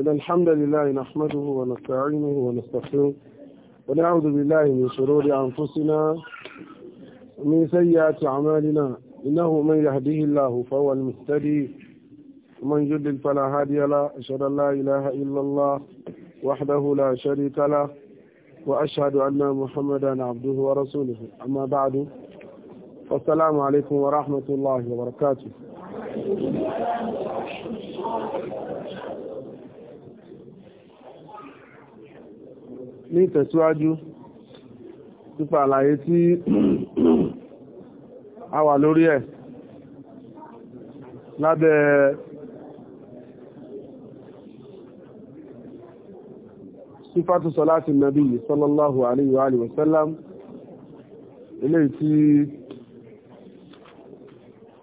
إن الحمد لله نحمده ونستعينه ونستغفره ونعوذ بالله من شرور أنفسنا ومن سيئات أعمالنا إنه من يهديه الله فهو المهتدي ومن يضلل فلا هادي له أشهد أن لا إله إلا الله وحده لا شريك له وأشهد أن محمدا عبده ورسوله أما بعد فالسلام عليكم ورحمة الله وبركاته ní ìtẹ̀síwájú nípa àlàyé tí a wà lórí ẹ̀ lábẹ́ sífàtù sọláti nàbí sallallahu alayhi wa alihi wa sallam ilé tí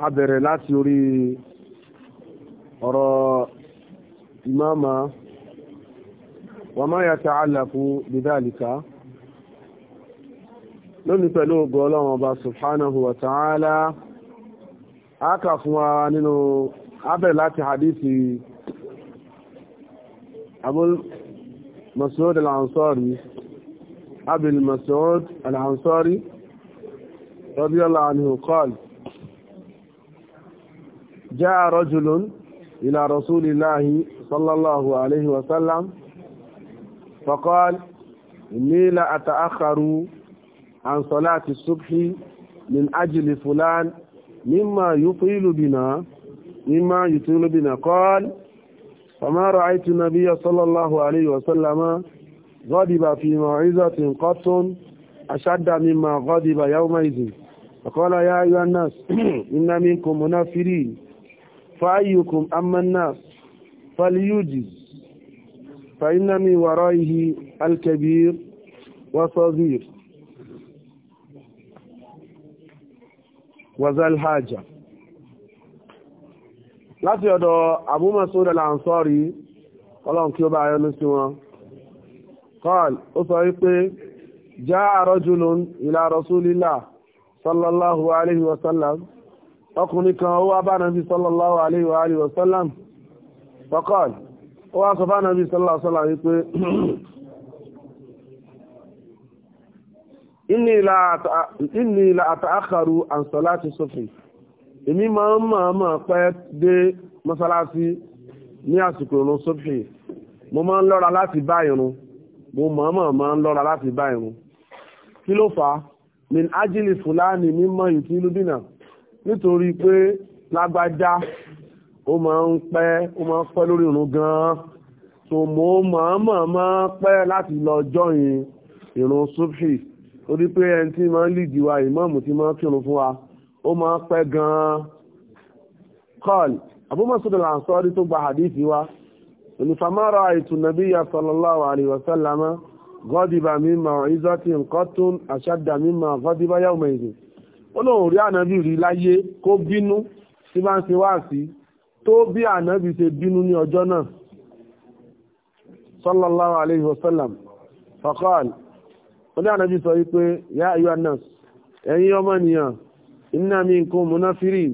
a bẹ̀rẹ̀ láti orí ọ̀rọ̀ ìmáàmà وما يتعلق بذلك lónìí pẹ̀lú ògo ọlọ́run ọba subhanahu wa ta'ala a kà fún wa nínú abẹ̀ láti hadithi abul masoud al-ansari abul masoud al-ansari radiyallahu anhu qala jaa rajulun sallallahu alaihi wasallam فقال إني لا أتأخر عن صلاة الصبح من أجل فلان مما يطيل بنا مما يطيل بنا قال فما رأيت النبي صلى الله عليه وسلم غضب في موعظة قط أشد مما غضب يومئذ فقال يا أيها الناس إن منكم منافرين فأيكم أما الناس فليجز فإن من ورائه الكبير وصغير وذا الحاجة láti ọ̀dọ̀ Abu Mas'ud al-Ansari ọlọ́run kí ó bá ayọ́nú sí wọn qal ó sọ wípé jaa rajulun ila rasulillah sallallahu alaihi wasallam ọkùnrin kan ó wá bá nàbí sallallahu alaihi wasallam faqal ó wá sọ bá nàbí sọ́lá wípé inni la àtàkàrù àǹsọ̀lá ti sọ́fin èmi máa ń máa máa pẹ́ dé mọ́sálásí ní àsìkò ìrun sọ́fin mo máa ń lọ́ra láti bá ìrun mo máa máa máa ń lọ́ra láti bá ìrun kí ló fà min ájílì fúlàní mímọ́ ìtìlúbìnà nítorí pé lágbájá ó máa ń pẹ́ ó máa ń pẹ́ lórí irun gan-an so mo máa mọ̀ máa pẹ́ láti lọ jọyìn irun sufi ó di pé ẹni tí máa ń lìdí wa ìmáàmù tí máa ń kírun fún wa ó máa ń pẹ́ gan-an kọ́ọ̀l àbúmọ̀sọ́dọ̀ là ń sọ ọ́rí tó gba hadithi wa onífàmọ́ra ètò nàbí ya sallallahu alaihi wa sallam gọ́dìbà mímọ̀ ìzọ́tì nǹkọ́tún àṣàdà mímọ̀ gọ́dìbà yawma ìdè ó lóun rí ànábì rí láyé kó bínú tí bá ń ṣe wáàsí tó bí ànábì ṣe bínú ní ọjọ́ náà sallallahu alayhi wa sallam faqal oní ànábì sọ wípé ya ayyuhan nas ẹ̀yin ọmọ ènìyàn inna minkum munafiri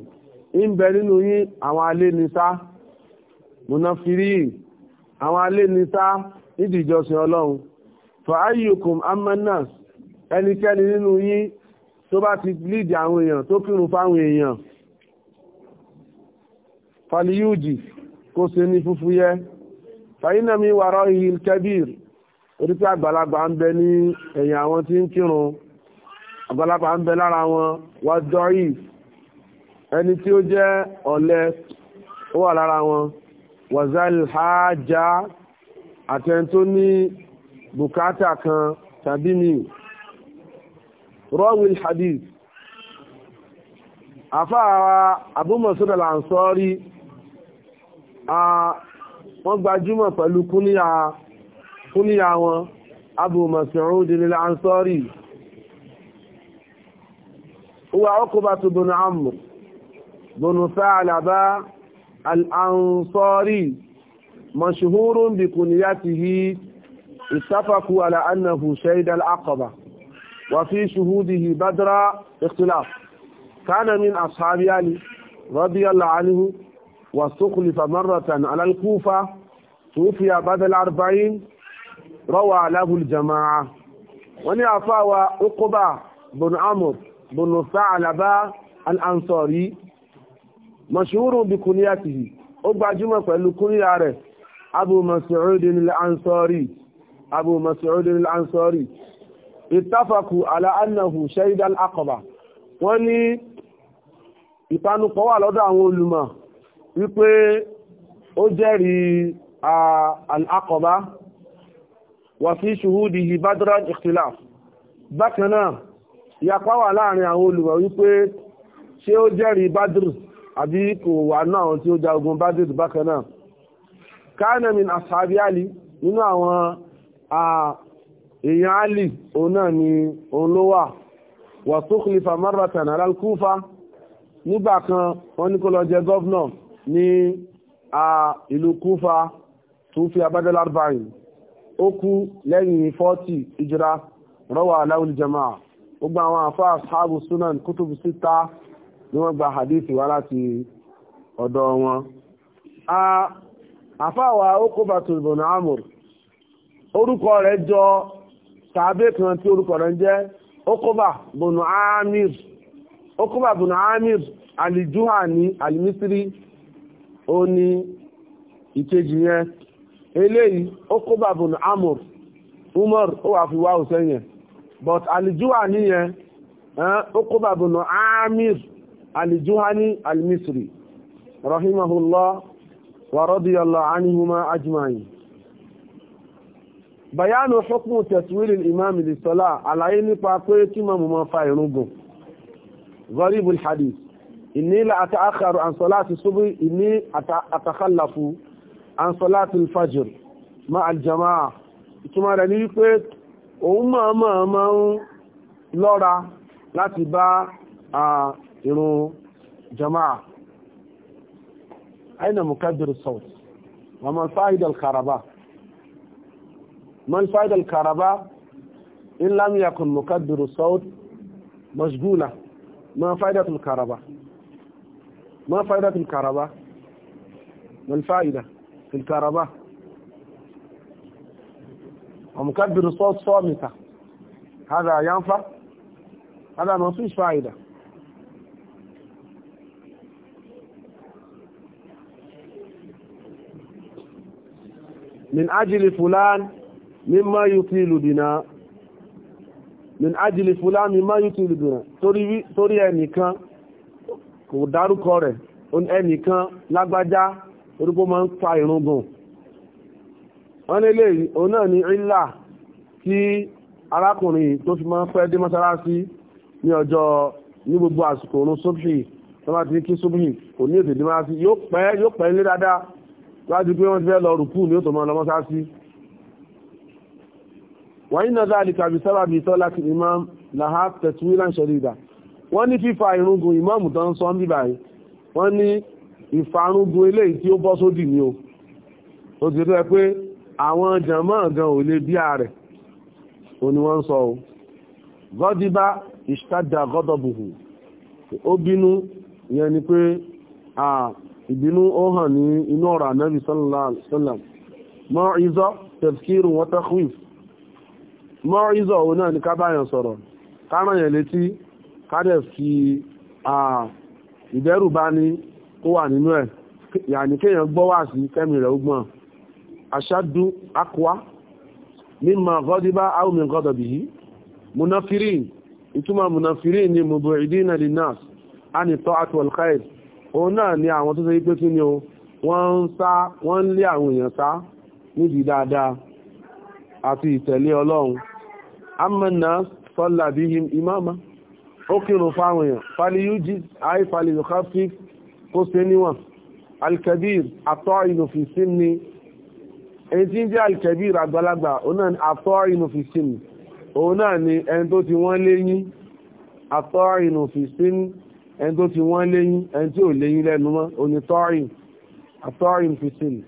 ń bẹ nínú yín àwọn alénisá munafiri àwọn alénisá nídìí ìjọsìn ọlọ́run fa ayyukum amma nas ẹnikẹ́ni nínú yín tó bá ti lídìí àwọn èèyàn tó kírun fáwọn èèyàn fàlíyùjì kó ṣe ní fúfúyẹ́ fàyínàmí wàrọ̀ ìhìl kẹbíir orí pé àgbàlagbà ń bẹ ní ẹ̀yìn àwọn tí ń kírun àgbàlagbà ń bẹ lára wọn wá dọ́rí ẹni tí ó jẹ́ ọ̀lẹ ó wà lára wọn wazal hajja àtẹni ní bùkátà kan tàbí mi rọ́wìl hadith àfáà àbúmọ̀sọ́dọ̀ là ń sọ́rí wọ́n gbajúmọ̀ pẹ̀lú kúníyà wọn Abu Mas'ud al-Ansari huwa Uqbatu bin Amr bin Tha'laba al-Ansari mashhurun bi kunyatihi ittafaqu ala annahu shahida al-Aqaba وفي شهوده بدر اختلاف كان من أصحاب علي رضي الله عنه واستخلف مرة على الكوفة توفي بعد الأربعين روى له الجماعة ونعفى وعقبة بن عمرو بن ثعلبة الأنصاري مشهور بكنيته أبعجم فلكنياره أبو مسعود الأنصاري أبو مسعود الأنصاري اتفقوا على أنه شهد العقبة wọ́n ní ìpanupọ̀ wà lọ́dọ̀ wípé ó jẹ́rìí al-Aqaba wà fi shuhudihi badran ikhtilaf bákan náà ìyapa wà láàrin àwọn olùwà wípé ṣé ó jẹ́rìí badr àbí kò wà náà tí ó ja ogun badr bákan náà min ashabi ali nínú àwọn èèyàn ali òun náà ni òun ló wà wà tó kìlìfà marratan ala al-Kufa nígbà kan wọ́n ní kó lọ jẹ gọ́vnọ̀ ní ìlú kúfà tó fi abẹ́dẹ́ ó kú lẹ́yìn 40 ìjìra rọwà aláwùl jama'a gbogbo àwọn àfá àṣàbù sunan kútùbù síta ni wọ́n gba hadithi wá láti ọ̀dọ̀ wọn àfá wa ó kó bàtù ibn amur orúkọ rẹ̀ jọ tàbí kan tí orúkọ rẹ̀ jẹ́ Amir Amir Alimisiri ó ní ìkejì yẹn eléyìí ó kó bàbùn amur umar ó wà fi wá òsẹ́ yẹn but alijuwa níyẹn eh, ó kó bàbùn amir alijuhani almisri rahimahullah wa radiyallahu anihuma ajimayi bayanu hukmu taswiril imam lisala àlàyé nípa pé kí mọ̀mọ̀ fa ìrúngùn gharibul hadith inni la ata'akharu an salati subhi inni atakhallafu an salati al-fajr ma al-jama'a ìtumọ̀ rẹ̀ ní pé òun máa máa máa ń lọ́ra láti bá ìrun jama'a aina mukabbir as-sawt wa man fa'ida al-karaba man fa'ida al-karaba in lam yakun mukabbir sawt mashghula ma fa'idatu al-karaba ما فائدة الكهرباء ما الفائدة في الكهرباء ومكبر الصوت صامتة هذا ينفع هذا ما فيش فائدة من أجل فلان مما يطيل بنا من أجل فلان مما يطيل بنا torí ẹnìkan kò dárúkọ rẹ̀ ẹnìkan lágbájá orúkọ máa ń pa ìrùngùn wọ́n ní ilé òun náà ní ìlà tí arákùnrin tó fi máa ń pẹ́ dé mọ́sálásí ní ọjọ́ ní gbogbo àsìkò òun sóbì tó bá ti kí sóbì kò ní ètò ìdímọ́sálásí yóò pẹ́ yóò pẹ́ nílé dáadáa láti pé wọ́n ti fẹ́ lọ rùkú ní òtò máa lọ mọ́sálásí wọ́n yìí náà dáadìí kàbí sábàbí tọ́lá ti imam lahab tẹ̀túwìlà ń ṣẹ̀rí wọ́n ní fífa irungun ìmáàmù tó ń sọ ń bíbà yìí wọ́n ní ìfarungun eléyìí tí ó bọ́ sódì ni o ó ti rẹ́ pé àwọn jàmọ́ gan ò lè bí ààrẹ̀ ó ní wọ́n ń sọ o gọ́díbá ìṣtájà gọ́dọ̀bùhù ó bínú ìyẹn ni pé ìbínú ó hàn ní inú ọ̀rọ̀ ànábì sallallahu mọ́ ìzọ́ tafkiru wa mọ́ ìzọ́ òun náà ní ká báyàn sọ̀rọ̀ káràn yẹn létí kádẹ̀ fi ìdẹ́rùbá ní ó wà nínú ẹ̀ yàní kéèyàn gbọ́ wá sí kẹ́mi rẹ̀ ogbọ́n aṣáájú akwa mímọ̀ gọ́díbá áwùmí gọ́dọ̀bì yìí munafirin ìtumọ̀ munafirin ni mubu'idina linnas a ní tọ́ àtúwọ̀lkáì òun náà ni àwọn tó sọ pé kí ni o wọ́n ń sá wọ́n ń lé àwọn èèyàn sá níbi dáadáa àti ìtẹ̀lé ọlọ́run amman nas salla bihim imama ó kírun fáwọn èèyàn fàlìyújì àì fàlìyùkáfí kó ṣe níwọ̀n alkabir àtọ́ ìnùfìsí ni ẹni tí ń jẹ́ alkabir àgbàlagbà òun náà ni àtọ́ ìnùfìsí ni òun náà ni ẹni tó ti wọ́n léyìn àtọ́ ìnùfìsí ni ẹni tó ti wọ́n léyìn ẹni tí ò léyìn lẹ́nu mọ́ òní tọ́rìn àtọ́ ìnùfìsí ni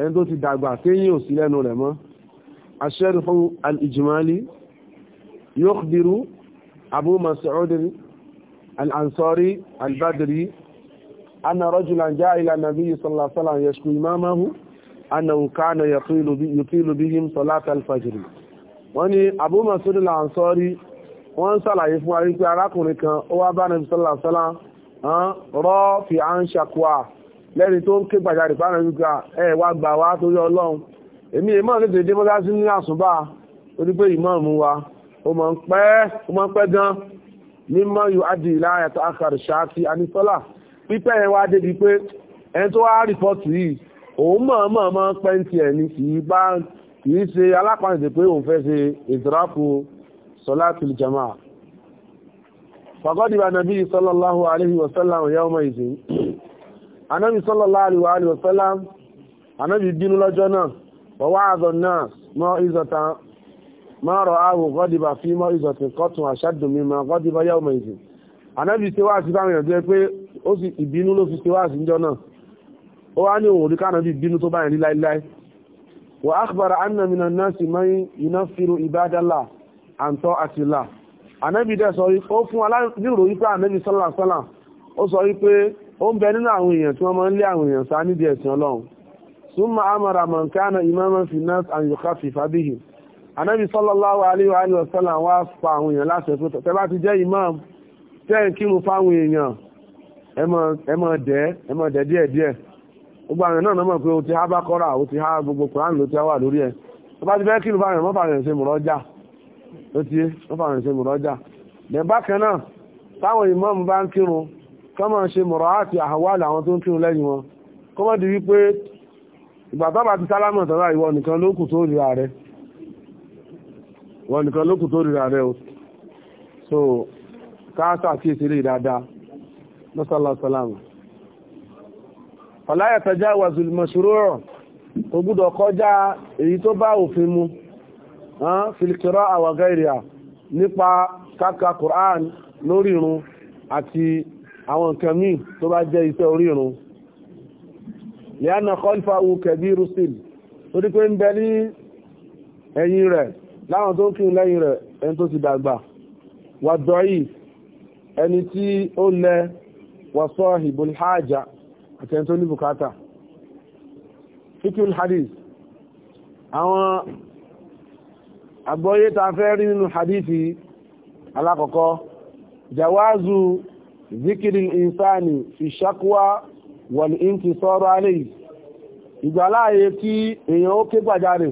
ẹni tó ti dàgbà téyìn ò sí lẹ́nu rẹ̀ mọ́ aṣẹ́rù fún al yóò أبو مسعود الأنصاري البدري أن رجلا جاء إلى النبي صلى الله عليه وسلم يشكو إمامه أنه كان يطيل, بي يطيل بهم صلاة الفجر وأن أبو مسعود الأنصاري wọ́n sàlàyé fún àrí pé arákùnrin kan ó wá bá nàbí sọ́lá sọ́lá rọ́ fi à ń ṣàkóà lẹ́ni tó ń ké gbàjáde bá nàbí gbà ẹ wá gbà wá torí ọlọ́run èmi ìmọ̀ nítorí dé ní àsùnbà torí ìmọ̀ mú wa ó máa ń pẹ́ ó máa ń pẹ́ gan mímọ́ yóò á di ìlànà ẹ̀tọ́ akàrò ṣáàkì anisọ́là pípẹ́ yẹn wá débi pé ẹni tó wá rìpọ́tù yìí òun mọ̀ọ́mọ̀ máa ń pẹ́ ń tiẹ̀ ní kì í bá kì í ṣe alápàdé pé òun fẹ́ ṣe ìdúrápù sọláàtì jama fàgọ́dìbà nàbí sallallahu alaihi wasallam yawma ìsìn anábì sallallahu alaihi wasallam anábì bínú lọ́jọ́ náà wọ́wọ́ àzọ̀ náà mọ́ ìzọ̀ta ma ra'ahu ghadiba fi maw'izatin qat'un ashaddu mimma ghadiba yawma'idhin ànábì ṣe wá sí báwọn èèyàn jẹ́ pé ó sì ìbínú ló fi ṣe wá sí ìjọ náà ó wá ní òun orí kánàbì ìbínú tó báyìí láíláí wa akhbara anna minan nasi man yunaffiru ibadallah an ta'atillah ànábì dẹ̀ sọ ó fún aláìrò wípé ànábì sọ́là sọ́là ó sọ wípé ó ń bẹ nínú àwọn èèyàn tí wọ́n máa ń lé àwọn èèyàn sá nídìí ẹ̀sìn ọlọ́run summa amara man kana fi nas an yukhaffifa bihi anábì sallallahu alayhi wa sallam wá pa àwọn èèyàn láti ẹ̀kọ́ tẹ́ bá ti jẹ́ imam tẹ́ ń kírun fáwọn èèyàn ẹ mọ̀ dẹ́ ẹ mọ̀ dẹ́ díẹ̀ díẹ̀ gbogbo àwọn náà mọ̀ pé o ti há bá kọ́ra o ti há gbogbo Kùránì ló ti wà lórí ẹ̀ tó bá ti fẹ́ kírun fáwọn èèyàn mọ́fà rẹ̀ ṣe mùrọ́jà ló ti mọ́fà rẹ̀ ṣe mùrọ́jà dẹ̀ bákan náà táwọn imam bá ń kírun kọ́mọ̀ ṣe mọ̀rọ̀ àti àwàlà àwọn tó ń kírun lẹ́yìn wọn kọ́mọ̀ di wípé ìgbà tó bá ti sálámọ̀ tọ́lá ìwọ nìkan ló kù tó rí ààrẹ wọ́n nìkan lókù tó ríra rẹ̀ o so káàsà kí è sílé ìdáadáa lọ́sàlọ́sàlámù ọláyàtọ̀já wàzùl mashru' kò gbúdọ̀ kọjá èyí tó bá òfin mu fil qira'a nípa káka Qur'an lórí irun àti àwọn nǹkan míì tó bá jẹ́ iṣẹ́ orí irun li'anna khalfahu kabiru sin torí pé ń bẹ ní ẹ̀yìn rẹ̀ láwọn tó ń kí lẹ́yìn rẹ̀ ẹni tó ti dàgbà wà dọ́yì ẹni tí ó lẹ wà sọ ìbòlì hajjá àti ẹni tó ní bùkátà fíkíl hadith àwọn àgbọ́yé ta fẹ́ rí nínú hadithi alákọ̀ọ́kọ́ jawazu zikirin insani fi shakwa wal inkisaru alayhi ìgbàláyé kí èèyàn ó ké gbàjáre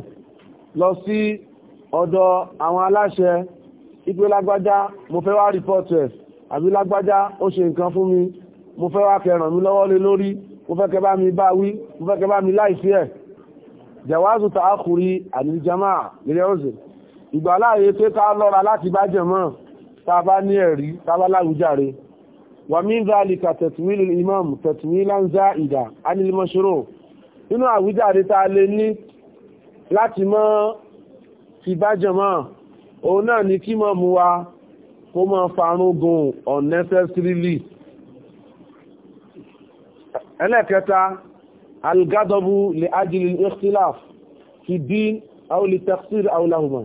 lọ sí ọ̀dọ̀ àwọn aláṣẹ ipé lágbájá mo fẹ́ wá rìpọ́tù ẹ̀ àbí lágbájá ó ṣe nǹkan fún mi mo fẹ́ wá kẹràn mi lọ́wọ́ lé lórí mo fẹ́ kẹbá mi bá wí mo fẹ́ kẹbá mi láìsí ẹ̀ jawazu ta'akhuri àníjàmá lèrè ọ̀sẹ̀ nínú àwùjáre tá lè ní láti mọ́ ti bá jọmọ́ òun náà ni kí mọ́ mú wa kó mọ́ farúngun unnecessarily ẹlẹ́kẹta algadabu li ajili ikhtilaf fi din aw li taqsir aw lahuma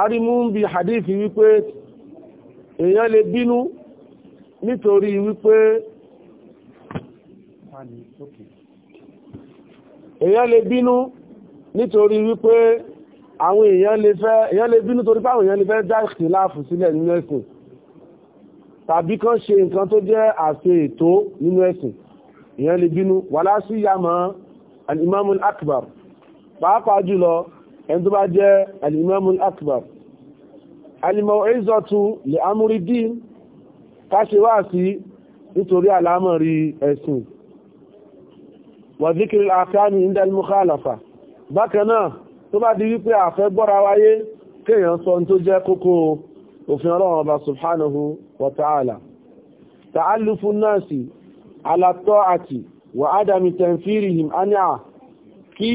arimu bi hadith wípé èèyàn lè bínú nítorí wípé èèyàn lè bínú nítorí wípé àwọn èèyàn lè fẹ́ èèyàn lè bínú torí páwọn èèyàn lè fẹ́ já ìkìláàfù sílẹ̀ nínú ẹ̀sìn tàbí kán ṣe nǹkan tó jẹ́ àṣẹ ètò nínú ẹ̀sìn èèyàn lè bínú wà lásì yàmọ́ al-imam al-akbar pàápàá jùlọ ẹni tó bá jẹ́ al-imam al-akbar al-mau'izatu li amri din ká ṣe wá sí nítorí àlámọ̀rí ẹ̀sìn wa dhikr al-ahkam inda al-mukhalafa bákan náà tó bá di wípé àfẹ́ gbọ́ra wáyé kéèyàn sọ tó jẹ́ kókó òfin ọlọ́run ọba subhanahu wa ta'ala ta'allufu nasi ala ta'ati wa adami tanfirihim ania kí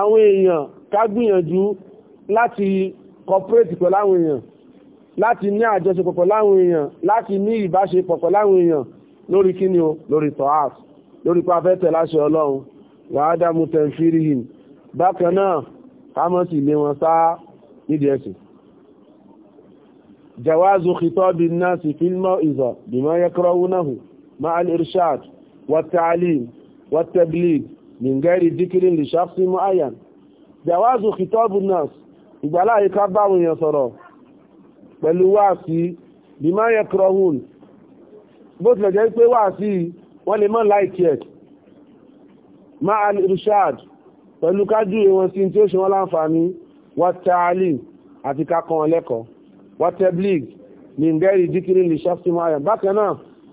àwọn èèyàn ká gbìyànjú láti cooperate pẹ̀lú àwọn èèyàn láti ní àjọṣepọ̀ pẹ̀lú àwọn èèyàn láti ní ìbáṣepọ̀ pẹ̀lú àwọn èèyàn lórí kíni o lórí tọ́hás lórí pàfẹ́tẹ̀ láṣẹ ọlọ́run wa adamu tanfirihim bákan náà kámọ́sì lé wọn sá nídi ẹ̀sìn jawazu khitabi an-nas fi al-mau'iza bima yakrahunahu ma'a al-irshad wat-ta'lim wat-tabligh min ghairi dhikrin li shakhsin mu'ayyan jawazu khitabi an-nas ìgbàláyé ká báwọn èèyàn sọ̀rọ̀ pẹ̀lú wáàsí bima yakrahun bó tilẹ̀ jẹ́ pé wáàsí wọ́n lè mọ́ láìkí ma al-irshad pẹ̀lú kájúwe wọn sí tí ó ṣe wọ́n láǹfààní wátàálì àti kakọ̀ wọn lẹ́kọ̀ọ́ wátẹ́blig ní ngẹ́rì díkìrì lè ṣàfihàn ayọ̀ bákan náà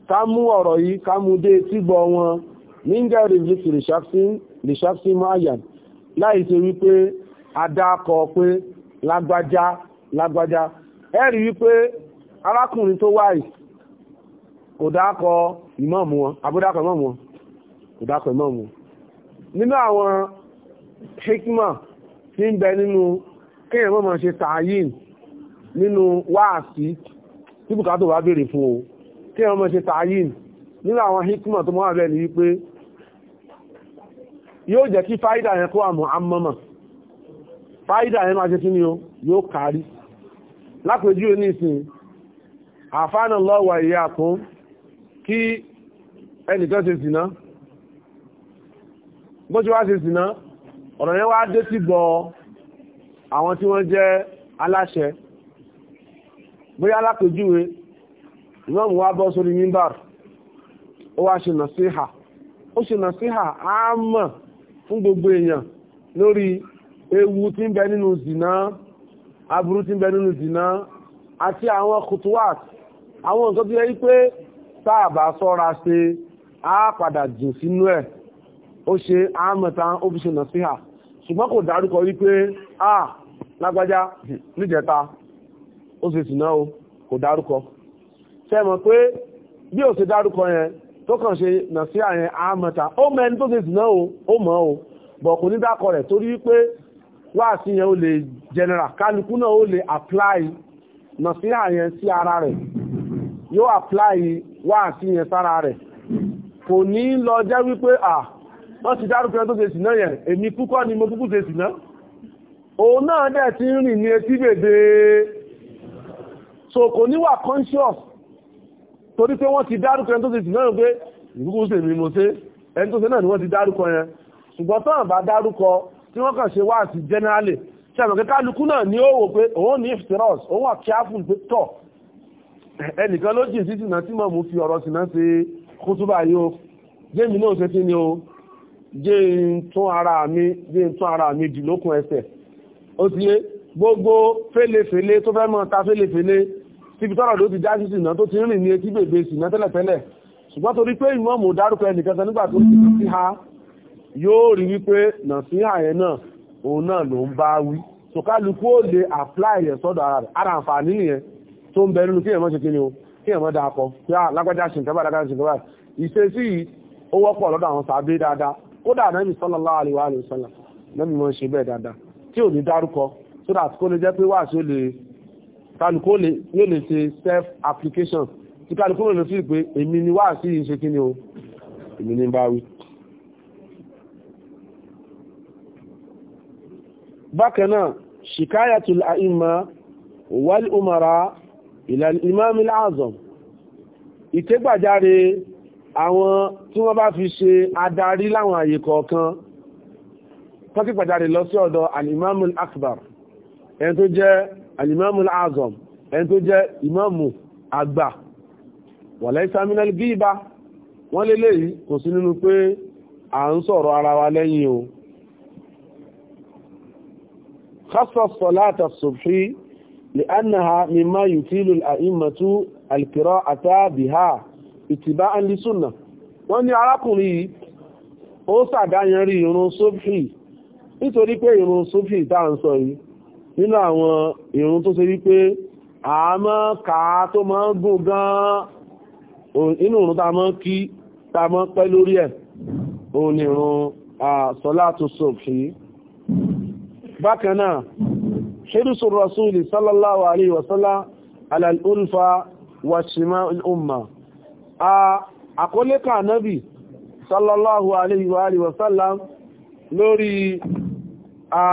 ká mú ọ̀rọ̀ yìí ká mú dé tígbọ́ wọn ní ngẹ́rì díkìrì lè ṣàfihàn ayọ̀ láì ṣe wípé adákọ pé lágbájá lágbájá ẹ rí wípé arákùnrin tó wáyìí kò dákọ ìmọ̀ọ̀mù wọn àbúdákọ ìmọ̀ọ̀mù wọn kò dákọ ìmọ̀ọ̀mù wọn nínú àwọn hikma ti ń bẹ nínú kéèyàn mọ́ máa ṣe tààyìn nínú wáàsí tí bùkátà wá béèrè fún o kéèyàn mọ́ ṣe tààyìn nínú àwọn hikma tó mọ́ àbẹ́ ní wípé yóò jẹ́ kí fáídà yẹn kó àmọ́ àmọ́mọ̀ fáídà yẹn máa ṣe kí ni o yóò kárí lápèjú ní ìsìn Afana lọ́wọ́ ìyá kún kí ẹnìkan ṣe sìná bó ṣe wá ṣe sìná ọ̀rọ̀ yẹn wá dé sí gbọ́ àwọn tí wọ́n jẹ́ aláṣẹ bóyá alápèjúwe ìmọ̀mù wá bọ́ sórí mímbàr ó wá ṣe nàṣíhà ó ṣe nàṣíhà á mọ̀ fún gbogbo èèyàn lórí ewu tí ń bẹ nínú zìnà aburú tí ń bẹ nínú zìnà àti àwọn kutuwaat àwọn nǹkan tó yẹ wípé tá a bá ṣọ́ra ṣe á padà jìn sínú ẹ̀ ó ṣe àmọ́ta ó fi ṣe nà síhà ṣùgbọ́n kò dárúkọ wípé a lágbájá níjẹta ó ṣe sìnà o kò dárúkọ ṣe mọ̀ pé bí ó ṣe dárúkọ yẹn tó kàn ṣe nà síhà yẹn àmọ́ta ó mọ tó ṣe sìnà o ó mọ̀ o bọ̀ kò ní dákọ rẹ̀ torí wípé wá sí yẹn ó lè general kálukú náà ó lè apply nà síhà yẹn sí ara rẹ̀ yóò apply wá sí yẹn sára rẹ̀ kò ní lọ jẹ́ wípé ah wọ́n ti dárúkọ tó ṣe sìná yẹn èmi púpọ̀ ni mo kúkú ṣe sìná òun náà dẹ̀ ti ń rìn ní etí bèbè so kò níwà conscious torí pé wọ́n ti dárúkọ ẹni tó ṣe sìná pé ìkúkú ṣe mi mo ṣe ẹni tó ṣe náà ni wọ́n ti dárúkọ yẹn ṣùgbọ́n tán bá dárúkọ tí wọ́n kàn ṣe wá sí generally ṣe àmọ̀ kálukú náà ni ó wò pé òun ní iftiros òun wà careful pé tọ̀ ẹnìkan ló jìn sí sìná tí mo fi ọ̀rọ̀ sìná ṣe kútúbà yìí o jẹ́mi náà ṣe kí ni o jẹ́ tún ara mi jẹ́ tún ara mi dì lókun ẹsẹ̀ ó ti yé gbogbo fẹ́lẹ́fẹ́lẹ́ tó fẹ́ mọ́ ta fẹ́lẹ́fẹ́lẹ́ síbi tọ́rọ̀ ló ti já sí sìnà tó ti rìn ní etí bèbè sìnà tẹ́lẹ̀tẹ́lẹ̀ ṣùgbọ́n torí pé ìmọ̀ọ́mù dárúkọ ẹnìkan nígbà tó ti sí ha yóò rí wípé nàṣíhà yẹn náà òun náà ló ń bá wí sọ̀kálukú ó lè apply rẹ̀ sọ́dọ̀ ara rẹ̀ ara àǹfààní nìyẹn tó ń bẹ nínú kí ẹ̀mọ́ ṣe kí ni o kí ẹ̀mọ́ dáa kọ kí á lágbájá ṣe nǹkan báyìí lágbájá ṣe nǹkan báyìí ìṣesí ó wọ́pọ̀ lọ́dọ̀ àwọn sàbí dáadáa kódà ànábì sallallahu alaihi wa sallam lẹ́mí mọ́ ṣe bẹ́ẹ̀ dáadáa tí ò ní dárúkọ so that kó lè jẹ́ pé wà sí ó lè kálukú yóò lè ṣe self application tí kálukú lè fi pé èmi ni wà sí ìṣe kí ni o èmi ni bá wí. bákan náà shikayatul a'imma wal umara ila al imam al ìtẹ́gbàjáre àwọn tí wọ́n bá fi ṣe adarí láwọn àyè kọ̀ọ̀kan tọ́kì pàjáde lọ sí ọ̀dọ̀ alimamul akbar ẹni tó jẹ́ alimamul azam ẹni tó jẹ́ imamu àgbà wọ̀lẹ́ ìsàmìnàlì gíba wọ́n lélẹ̀ yìí kò sí nínú pé à ń sọ̀rọ̀ ara wa lẹ́yìn o خصص صلاة الصبح لأنها مما يثير الأئمة القراءة بها ìtìbá ẹni súnà wọ́n ní arákùnrin yìí ó sàdáyẹnrí irun sófì nítorí pé irun sófì tá à ń sọ yìí nínú àwọn irun tó ṣe wípé àmọ́ ká tó máa gùn gan inú irun tá kí tá pẹ́ lórí ẹ̀ òun ni irun sófì bákan náà حرص الرسول صلى الله عليه وسلم على الألفة وشماء الأمة àkólékà náàbì sallallahu alayhi wa alihi wa sallam lórí a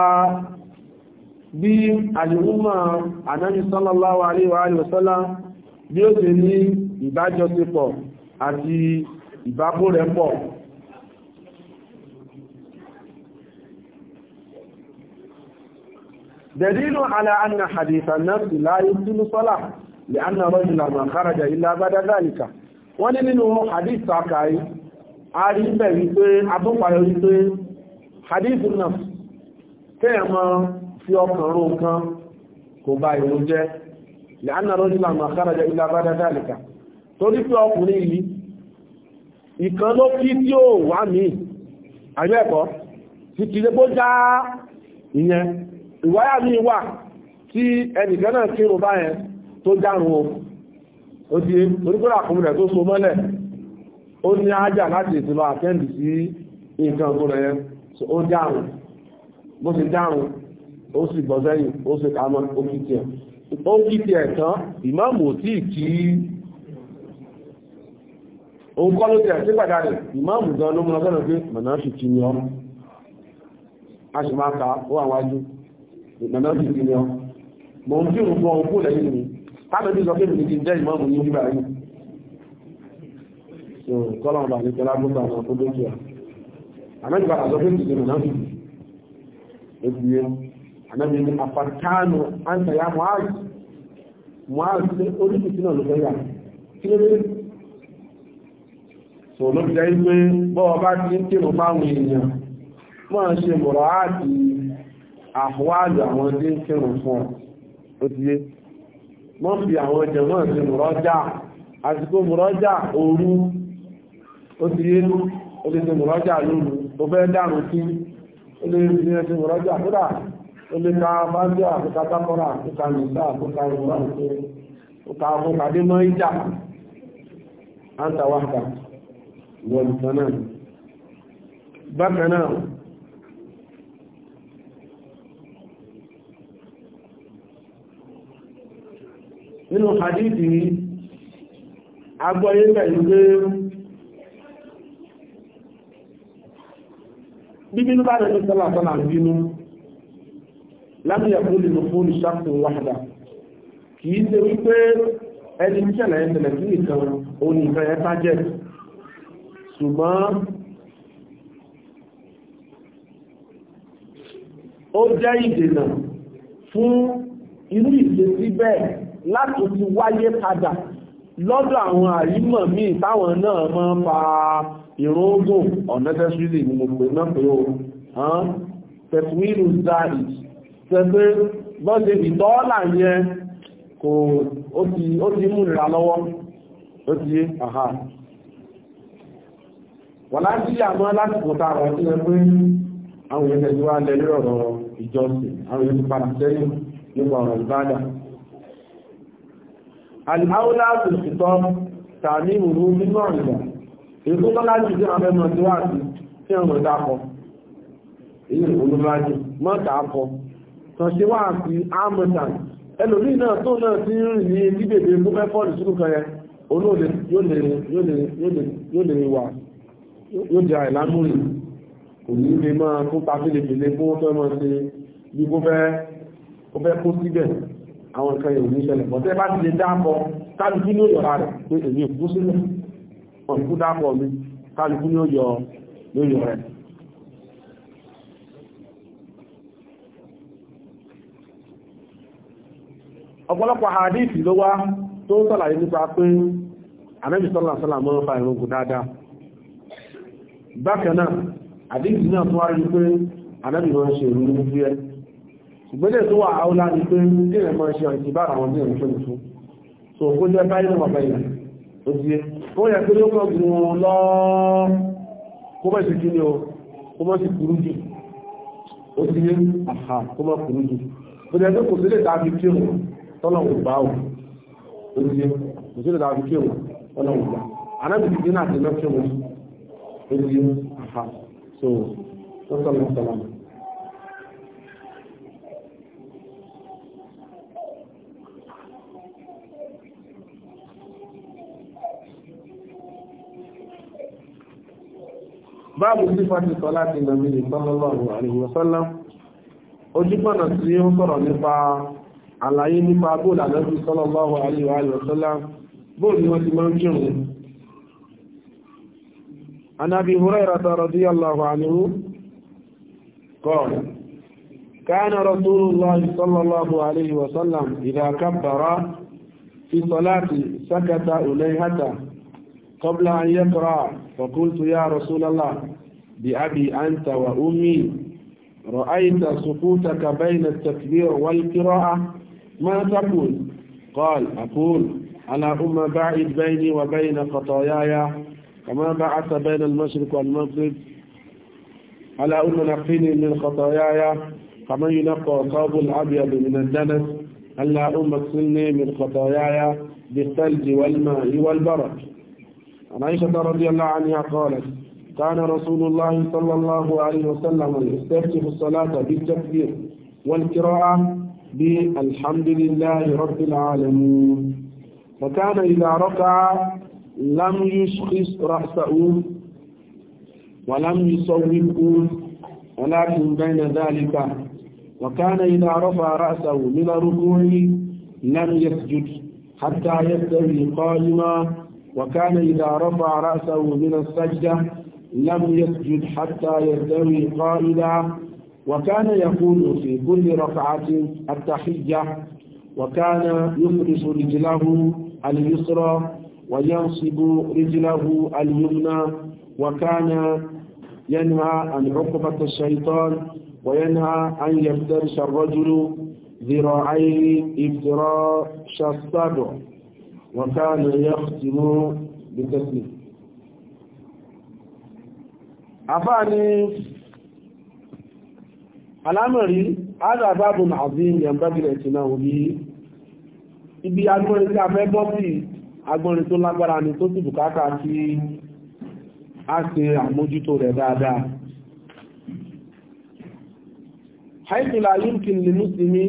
bí àlìwúmọ̀ ànábì sallallahu alayhi wa alihi wa sallam bí ó ti ní ìbájọsípọ̀ àti ìbábó rẹ̀ pọ̀ دليل على أن حديث النفس لا يبطل صلاة لأن رجلا ما خرج إلا بعد ذلك wọ́n ní nínú hadith akai a rí bẹ̀ wípé abúpayọ wípé hadith náà kéèyàn máa fi ọkàn rò kan kò bá ìrún jẹ́ lẹ́ánà rọ́jùlá máa kárajà ilá bá dáadáa nìkan torí pé ọkùnrin yìí ìkan ló kí tí ó wà míì àgbẹ́ẹ̀kọ́ ti kìí bó já ìyẹn ìwáyà míì wà tí ẹnìkan náà kírun báyẹn tó dárun o ó ti onígbọ́nà àkúnmù rẹ̀ tó so mọ́lẹ̀ ó ní ájá láti ìsinmi àtẹ́ǹdì sí nǹkan ọgbọ́nà yẹn ó dáhùn bó ti dáhùn ó sì bọ́ sẹ́yìn ó sì kàmọ́ ó kí tiẹ̀ ó kí tiẹ̀ tán ìmáàmù ò tí ì kí òun kọ́ ló tiẹ̀ sí pàdánù ìmáàmù gan ló múná sọ́nà pé mọ̀nà sì ti ní ọ́ a sì máa ka ó àwọn ajú mọ̀nà sì ti ní ọ́ mọ̀ ń kírun bọ́ òun kú lẹ́yìn mi tábẹ̀bí sọ pé mi ti jẹ́ ìmọ̀mù ní nígbà yìí so kọ́lọ̀ ọba ní kẹlá gbogbo àwọn ọkọ̀dọ̀ tí a àmẹ́jì padà sọ pé mi ti jẹ́ mọ̀nà fìdí ebìyẹ àmẹ́jì ní àfàtánù àǹtàyà muhaz muhaz ní oríṣiríṣi náà ló fẹ́ yà kí ló dé so ló fi jẹ́ pé bọ́ọ̀ bá ti ń kírun fáwọn èèyàn máa ṣe mọ̀rọ̀ àti àhùwádùn àwọn wọ́n fi àwọn jẹ̀mọ́ sí mùrọ́jà àsìkò mùrọ́jà òru ó ti yé lú ó lè ṣe mùrọ́jà lóru ó fẹ́ dànù sí ó lè rí ní ṣe mùrọ́jà kódà ó lè ka fájọ́ àkókò tákọ́rà àkókò nìta àkókò nínú hadithi agbọ́yé pẹ̀lú pé bíbínú bá rẹ̀ ní sọ́làtọ́nà bínú lábíyà fún ìlú fún ìṣàkó wáhádà kìí ṣe wípé ẹni ìṣẹ̀lẹ̀ ẹ̀ṣẹ̀lẹ̀ sí nìkan òun ìfẹ́ ẹ̀ta jẹ́ ṣùgbọ́n ó jẹ́ ìdènà fún irú ìṣesí bẹ́ẹ̀ láti ti wáyé padà lọ́dọ̀ àwọn àyímọ̀ míì táwọn náà mọ́ fa ìrógùn unnecessarily ni mo pè náà pé o tẹ̀síwìrù zari tẹ́gbẹ́ bọ́sẹ̀ ìtọ́ọ́là yẹn kò ó ti mú ìrà lọ́wọ́ ó ti yé àhá wà láti àmọ́ láti kòta àwọn tí ẹ pé àwọn èèyàn tẹ̀síwá lẹ́lẹ́rọ̀ ìjọsìn àwọn èèyàn ti padà sẹ́yìn nípa ọ̀rọ̀ ìbádà àlìmáwọ́lá àtòsìtọ́ tàbí ìwòrò nínú ọ̀rìnà èyí tó lọ́lá jù sí àwọn ẹmọ tíwá sí tí ọmọ dákọ èyí olùmọ́lájù mọ́ta akọ tàn ṣe wá sí amọ̀tàn ẹlòmí náà tó náà ti rìn ní etí bèbè kó mẹ́fọ́ àwọn nǹkan yóò ní ṣẹlẹ̀ bọ́tẹ́ bá ti lè dáàbọ̀ kálukú ní òyọ̀ rẹ̀ pé èyí kú sílẹ̀ ọ̀nkú dáàbọ̀ mi kálukú ní òyọ̀ lóyọ̀ rẹ̀ ọ̀pọ̀lọpọ̀ àdíìsì ló wá tó sọ̀làyé nípa pé ànábì sọ́làsọ́là mọ́ fa ìrùngùn dáadáa bákan náà àdíìsì náà tó wá rí pé ànábì wọ́n ṣe ìrùngùn fúyẹ́ ìgbésẹ̀ tó wà áúlá ní pé kíyàn mọ́ ṣe ọ̀tí bá àwọn bí òun ṣòro fún so kó jẹ́ báyìí náà bàbá ìlà ó ti yé ó yẹ pé ó kàn gùn lọ kó mọ́ sí kíni o kó mọ́ sí kúrú jù ó ti yé àhà kó mọ́ kúrú jù ó jẹ́ pé kò sílẹ̀ tá a fi kí òun tọ́lọ̀ kò bá ó ti yé kò sílẹ̀ tá a fi kí òun tọ́lọ̀ kò bá anábìtì dín àti mẹ́fẹ́ òun ó ti yé àhà so tó sọ̀rọ̀ sọ̀rọ̀ báàbù sí fásitọ́ láti nàbí sallallahu alaihi wasallam ojúpọ̀nà tí ó sọ̀rọ̀ nípa àlàyé nípa bóòlù àdọ́bí sallallahu alaihi wasallam bóòlù ni wọ́n ti máa ń قال كان رسول الله صلى الله عليه وسلم إذا كبر في صلاة سكت أليهته قبل أن يقرأ فقلت يا رسول الله بأبي أنت وأمي رأيت سقوطك بين التكبير والقراءة ما تقول قال أقول اللهم بعيد بيني وبين خطاياي كما بعث بين المشرق والمغرب أم نقيني من خطاياي كما ينقى ثوب الأبيض من الدنس أم اغسلني من خطاياي بالثلج والماء والبرد عن عائشة رضي الله عنها قالت كان رسول الله صلى الله عليه وسلم يستفتح الصلاة بالتكبير والقراءة بالحمد لله رب العالمين فكان إذا ركع لم يشخص رأسه ولم يصوبه ولكن بين ذلك وكان إذا رفع رأسه من الركوع لم يسجد حتى يستوي قائما وكان إذا رفع رأسه من السجدة لم يسجد حتى يستوي قائلا وكان يقول في كل رفعة التحية وكان يفرش رجله اليسرى وينصب رجله اليمنى وكان ينهى عن عقبة الشيطان وينهى أن يفترش الرجل ذراعيه افتراش السبع وكان يختم بتسليم àfáà ni alámọ̀rí alábábùn àbíyìn yàmbábìlẹ̀ ti náà wòlí ibi agbọ́nrin tí a fẹ́ bọ́ sí agbọ́nrin tó lágbára ni tó sì bùkátà sí a ṣe àmójútó rẹ̀ dáadáa haifila yunkin lè mùsùlùmí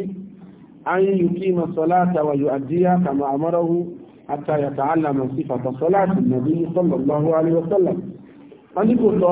an yi yuki masalata wa yu'addiya kama amarahu hatta ya ta'allama sifata salati nabi sallallahu alaihi wasallam wani kò sọ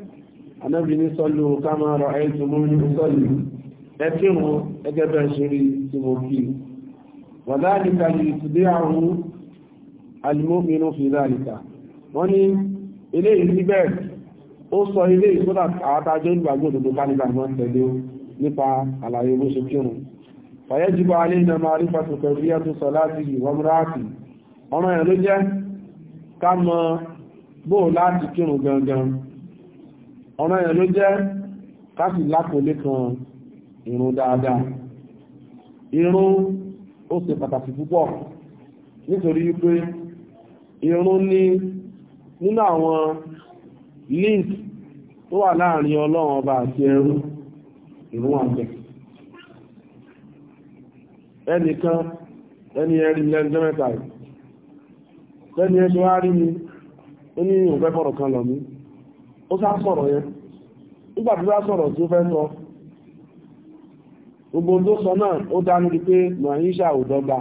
anábì ní sọ́lù kámá rọ̀ ẹ̀tù mú ní sọ́lù ẹ kí wọn ẹgẹ́ bẹ́ẹ̀ ṣe rí tí mo kí wàdáàlìkà ní ìtìdí àrùn alìmóminú fìdáàlìkà wọ́n ní ilé ìsíbẹ̀ ó sọ ilé ìsọ́dà àwátájọ́ ìgbàgbọ́ òdòdó kánìkà mọ́ tẹ̀lé nípa àlàyé bó ṣe kírun fàyẹ́jìbọ̀ alẹ́ iná bóò láti kírun gangan ọ̀nà ẹ̀ ló jẹ́ káàkiri lápòlé kan ìrun dáadáa ìrun ó ṣe pàtàkì púpọ̀ nítorí wípé ìrun ní nínú àwọn link tó wà láàrin ọlọ́run ọba àti ẹrú ìrun àgbẹ̀ ẹnìkan ẹni ẹrí mi lẹ́nu jẹ́mẹ́ta rẹ̀ lẹ́ni ẹjọ́ á rí ní òun fẹ́ kan lọ mí ó sá sọ̀rọ̀ yẹn nígbà bá sọ̀rọ̀ tí ó fẹ́ sọ gbogbo tó sọ náà ó dá pé ò dọ́gba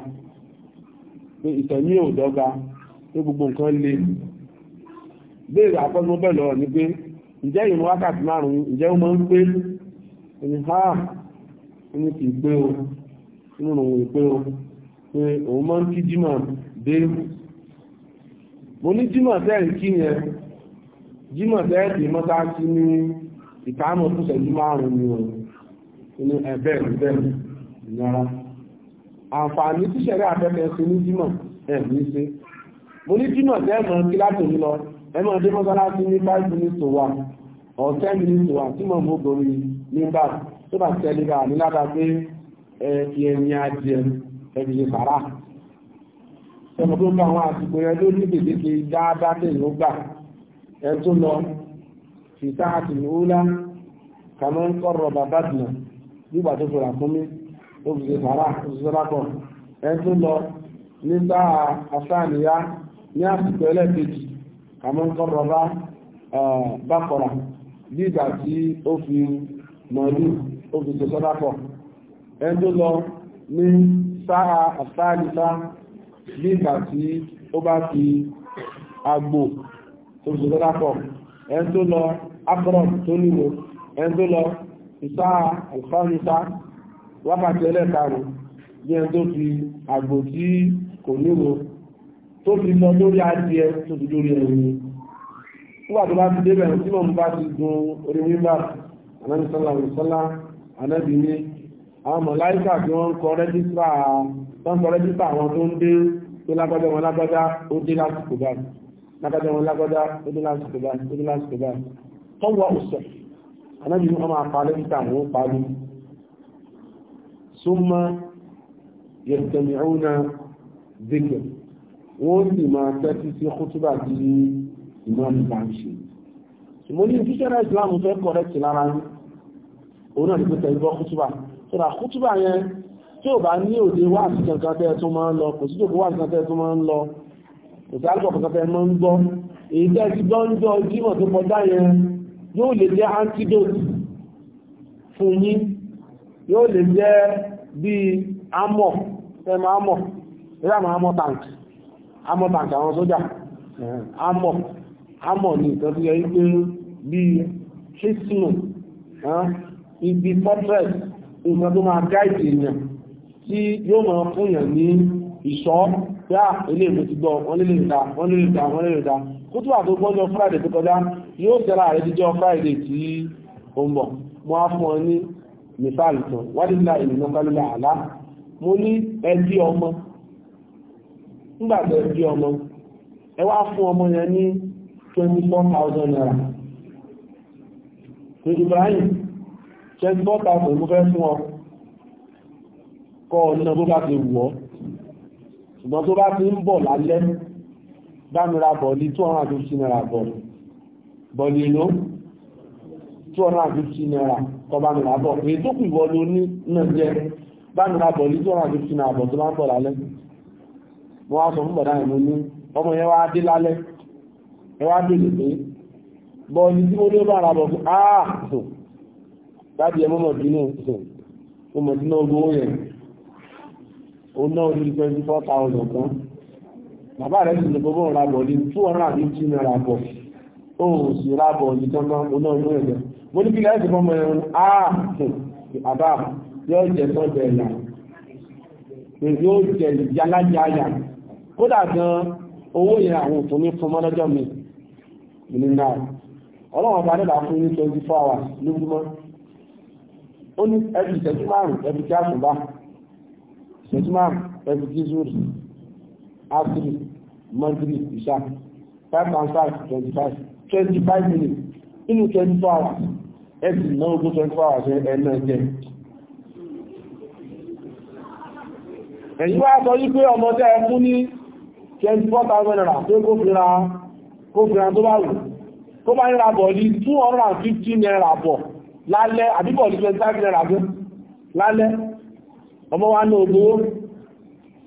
pé ìtẹ̀mí ò dọ́gba gbogbo nǹkan le béèrè àkọ́gbọ́n bẹ́ẹ̀ lọ́rọ̀ ni pé ǹjẹ́ ìrun wákàtí márùn-ún ǹjẹ́ ó máa ń pé ẹni ha ẹni kì í o inú òun o pé òun máa ń kí jímọ̀ dé mo ní jímọ̀ sẹ́yìn kí jímọ̀ tẹ́ẹ̀tì mọ́ta sí ní ìkáàmù fún ṣẹ́jú márùn-ún ni o ní ẹ̀bẹ̀ ẹ̀bẹ̀ ìyára àǹfààní tí ṣẹ̀rẹ́ afẹ́fẹ́ sí ní jímọ̀ ẹ̀mí sí mo ní jímọ̀ tẹ́ẹ̀mọ̀ kíláàtì mi lọ ẹmọ dé mọ́sálásí ní five minutes to one or ten minutes to one tí mo mú gorí nígbà tó bá tẹ́lẹ̀ bá ní ládàá pé ẹ̀kì ẹ̀yìn adìẹ ẹ̀bí ṣe sàrà ẹ̀mọ̀ tó bá àwọn àsìkò yẹn ló ní gbèdéke dáadáa tẹ̀yìn ó gbà ẹ tó lọ fi sáàtì lóòlá kàmọ́ ń kọ́rọ̀ bàbá dùnà nígbà tó fòrà fún mi ó fi ṣe sàrà ó fi sọ́rà pọ̀ ẹ tó lọ ní sáà asáàníyá ní àsìkò ẹlẹ́ẹ̀kejì kàmọ́ ń kọ́rọ̀ bá bákọ̀rà bí ìgbà tí ó fi mọ̀lú ó fi ṣe sọ́rà lọ ní sáà asáàníyá bí ìgbà tí ó bá fi agbo tó fi sọ́dápọ̀ ẹni tó lọ akọ́rọ̀ tó nílò ẹni tó lọ ìsá àlùfáàmìsá wákàtí ẹlẹ́karùn bí ẹni tó fi àgbò tí kò nílò tó fi lọ lórí adìẹ tó fi lórí ẹ̀yìn nígbà tó bá ti débẹ̀ tí mọ̀ bá ti gun orí wíwá anábi sọ́lá ìsọ́lá anábi ní àwọn mọ̀láíkà tí wọ́n ń kọ rẹ́jísítà àwọn tó ń dé tó lágbájá wọn lágbájá ó dé lásìkò báyìí lágbájá wọn lágbájá ojú láti pè báyìí ojú láti pè báyìí tó wọ ọ̀sẹ̀ anábì ní ọmọ apá lẹ́yìn táwọn ó parí súnmọ́ yẹtẹ̀mìíràn dìgbẹ̀ wọ́n sì máa tẹ́tí sí kútúbà tí ìmọ̀ọ́nù bá ń ṣe ṣùgbọ́n ní ìfíṣẹ́rà ìsìláàmù fẹ́ kọ̀rẹ́tì lára yín òun náà nípa ìgbọ́ kútúbà tọ́ra kútúbà yẹn tí ò bá ní òde wáàsí kankan tẹ́ ẹ tó máa ń lọ kò sí àgbọ̀ kọ̀kọ̀fẹ́ mọ́ ń gbọ́ èyí tẹ́ ti gbọ́ ń jọ jímọ̀ tó kọjá yẹn yóò lè jẹ́ antidote fún yín yóò lè jẹ́ bí amọ̀ ẹmọ amọ̀ ẹ̀rọ àwọn amọ̀ tank amọ̀ tank àwọn sójà amọ̀ amọ̀ ní ìtàn tó yẹ wípé bí trisno ibi portrait nǹkan tó máa gáìdì èèyàn tí yóò máa fún yàn ní ìṣọ́ yá ilé ìlú ti gbọ́ wọ́n lè dá wọ́n lè dá wọ́n lè dá kó tó àtó gbọ́jọ́ friday tó kọjá yóò tẹ́lá rẹ̀ jíjọ́ friday tí ó ń bọ̀ mo á fún ọ ní mìsáàlì tán wádìílá ìlú kálílà àlá mo ní ẹbí ọmọ nígbàtọ̀ ẹbí ọmọ ẹ wá fún ọmọ yẹn ní 24,000 naira pé Ibrahim 24,000 mo fẹ́ fún ọ kọ́ ọ̀nà bó bá ti wù ọ́ ṣùgbọ́n tó bá ti ń bọ̀ lálẹ́ dámira bọ̀lì 250 naira bọ̀lì bọ̀lì ló 250 naira kọbámira bọ̀ èyí tó kù ìwọ̀ ló ní náà jẹ́ dámira bọ̀lì 250 naira bọ̀ tó bá ń bọ̀ lálẹ́ mo wá sọ fún bọ̀dá ìlú ní ọmọ yẹn wá dé lálẹ́ ẹ wá dé lè pé bọ̀lì tí mo ní ó bá ara bọ̀ fún ah! áà tó ẹ mọ́mọ́ bínú yẹn ó ná orí twenty four thousand kan bàbá rẹ̀ sì lè gbogbo ra bọ̀ ní two hundred and fifty naira bọ̀ ó sì ra bọ̀ ní kankan ó ná orí ẹ̀jẹ̀ mo ní kí lẹ́yìn tí wọ́n mọ ẹ̀rọ áà ah, àbá yóò jẹ sọ́jọ́ ẹ̀yà yóò jẹ ìyálájáyà kódà gan owó yẹn àwọn òtún ní fún mọ́lọ́jọ́ mi ní náà ọlọ́wọ́n bá dẹ́dà fún ní 24 hours lójúmọ́ ó ní ẹbí ìṣẹ́jú márùn-ún ẹbí tí a sùn bá sètìmáàmù pẹ̀lú gízúrì áfírí mọ́ndírì ìṣá five and five twenty five twenty five minutes nínú twenty four hours ẹ sì ná ogún twenty four hours ẹ náà jẹ. ẹ̀yìn wá sọ yí pé ọmọdé ẹ fún ní twenty four thousand naira pé kó fi ra kó fi ra tó bá wù kó bá ń ra bọ̀ ní two hundred and fifty naira bọ̀ lálẹ́ àbí bọ̀ ní twenty five naira bọ̀ lálẹ́ ọmọ wa ní ogbó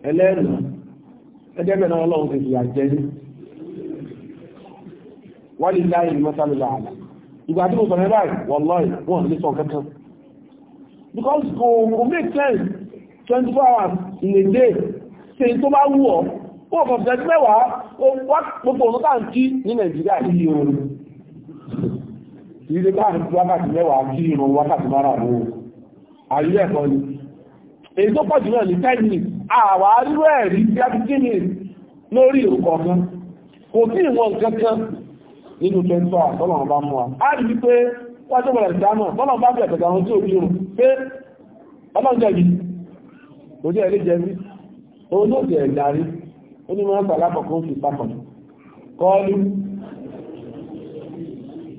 ẹlẹ́rù ẹjẹ́ bẹ̀rẹ̀ ọlọ́run ti fìyà jẹ́ ní wọ́n lè láyé ní mọ́sálùlá àlà ìgbà tí mo sọ̀rọ̀ báyìí wọ́n lọ́yìn wọ́n lè sọ kankan because kò kò make sense 24 hours in a day ṣe tó bá wù ọ́ ó kọ̀ fẹ́ mẹ́wàá ó wá gbogbo ọ̀nà táà ń kí ní nàìjíríà sí irun ìdílé bá ń fi wákàtí mẹ́wàá kí irun wákàtí márùn-ún àyílẹ̀ kan ni èyí tó pọ̀ jù náà ní 10 minutes àwà arírú ẹ̀rí bí a ti kí ní lórí ìrùkọ̀ọ̀kan kò sí ìwọ̀n kankan nínú 24 hours tọ́lọ̀ bá mú wa a rí wípé wájú bẹ̀rẹ̀ dámọ̀ tọ́lọ̀ bá bẹ̀rẹ̀ tẹ̀gbà àwọn tí ó bí irun pé ọlọ́jọ́ yìí kò jẹ́ ẹ̀rí jẹ́rí òun ló jẹ́ ẹ̀dárí ó ní wọ́n sà lápapọ̀ oṣù papọ̀ kọlu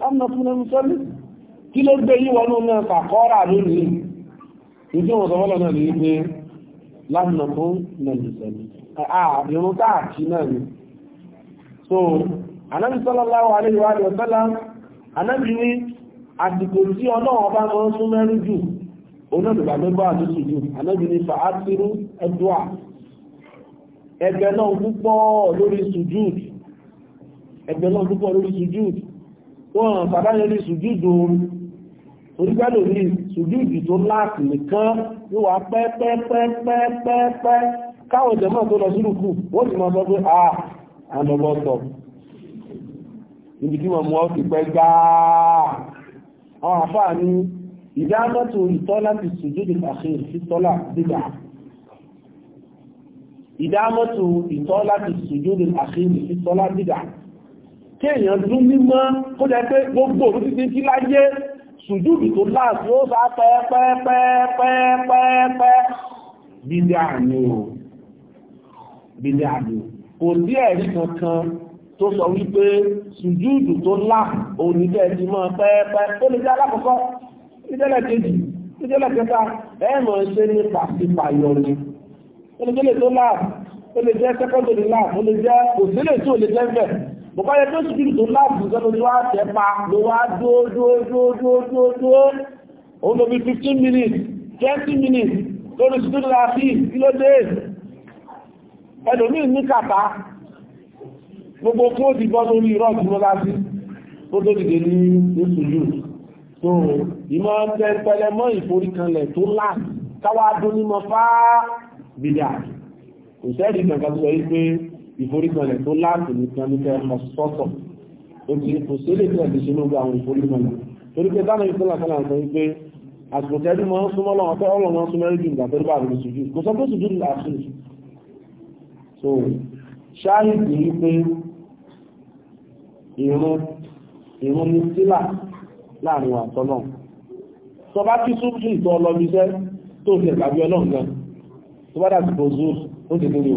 amnafúnamúsọ́lú kí ló gbé yíwọ́nú náà kàkọ́rà lónìí ìjọ wọn sọfọ́lọ́ náà ní pé lánàá mú nàìjíríà àbìrún káàkì náà ni so anábi sallallahu alaihi wa sallam anábi ní àsìkò tí ọlọ́wọ́ bá mọ́ sún mẹ́rin jù onáàdùgbàgbẹ́gbà àtútù jù anábi ní fa'átirú ẹdùà ẹgbẹ́ náà púpọ̀ lórí sùjúd ẹgbẹ́ náà púpọ̀ lórí sùjúd wọ́n fàdáyẹ ní sùjúd oorun onígbàdò ní sùdíìdì tó láàkì nìkan yóò wá pẹ́pẹ́pẹ́pẹ́pẹ́ káwọn ìjọmọ́ tó lọ sírùkù ó sì mọ́ sọ pé à ànàbọ̀ sọ níbi tí wọ́n mú ọ́ ti pẹ́ gbáà àwọn àfáà ní ìdámọ́tò ìtọ́lá ti sùdíìdì àṣírí sí tọ́lá dídà ìdámọ́tò ìtọ́lá ti sùdíìdì àṣírí sí tọ́lá dídà kéèyàn dún mímọ́ kó jẹ́ pé gbogbo òrùn títí láyé sùjúdù tó láàsì ó sá pẹ́ẹ́pẹ́ẹ́pẹ́ẹ́pẹ́ bídá àmì o bídá àmì o kò sí ẹ̀rí kankan tó sọ wípé sùjúdù tó láàsì onídẹ́ ti mọ́ pẹ́ẹ́pẹ́ ó lè jẹ́ alákọ̀ọ́kọ́ ìdẹ́lẹ̀ kejì ìdẹ́lẹ̀ bọ̀bá yẹ tó sì tó láàbù sọ́nà tó wá tẹ́ pa ló wá dóódóódóódóódó òun ló bí 15 minutes 20 minutes lórí sí tó láàbí kílódé ẹlòmí ní kàtà gbogbo kó ti bọ́ sórí irọ́ ìgbìmọ̀ láti tó tó dìde ní oṣù yìí tó ìmọ̀ tẹ́pẹlẹ mọ́ ìforíkanlẹ̀ tó láà káwàá dún ní mọ́ fáà bìdà kò sẹ́ẹ̀dì kankan sọ yí pé ìforígbọ̀nlẹ̀ tó láàpù nìkan ní fẹ́ mọ̀ sọ́tọ̀ ó ti kò sí lè tẹ̀lé sínú gbogbo àwọn ìforígbọ̀nlẹ̀ torí pé dáná ìfẹ́lá fẹ́lá sọ wípé àsìkò tẹ́lú mọ́ súnmọ́ lọ́wọ́ tẹ́ ọlọ́ mọ́ súnmọ́ rí ìgbà tó bá rí sùjú kò sọ pé sùjú là sí so ṣáàyì kì í pé ìrún ìrún ní sílà láàrin àtọ́ náà sọ bá kí súnjú ìtọ́ ọlọ́bíṣẹ́ tó ti ẹ̀gbàgbé ọlọ́run gan tó bá dà sí kò zúù ó ti nílò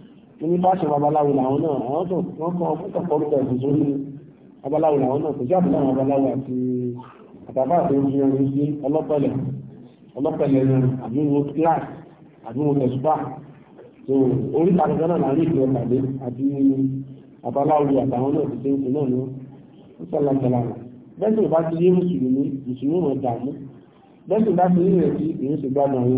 ní bá ṣe babaláwo làwọn náà àwọn tó wọ́n kọ́ púpọ̀ pọ̀lúpọ̀ ẹ̀sùn sórí babaláwo làwọn náà kò sí àbúrò àwọn babaláwo àti àtàbà àti oúnjẹ orí sí ọlọ́pẹ̀lẹ̀ ọlọ́pẹ̀lẹ̀ ní àbúrò class àbúrò tẹ̀sùpá so orí tàbíkọ́ náà láàrin ìfẹ́ pàdé àti babaláwo àtàwọn náà ti ṣe ń sin náà ní ó sọ̀lá sọ̀lá bẹ́ẹ̀ sì bá ti yé mùsùlùmí mùsùlùmí mọ̀ dààmú bẹ́ẹ̀ sì bá ti yé rẹ̀ sí ìrìnsì gbádùn àwọn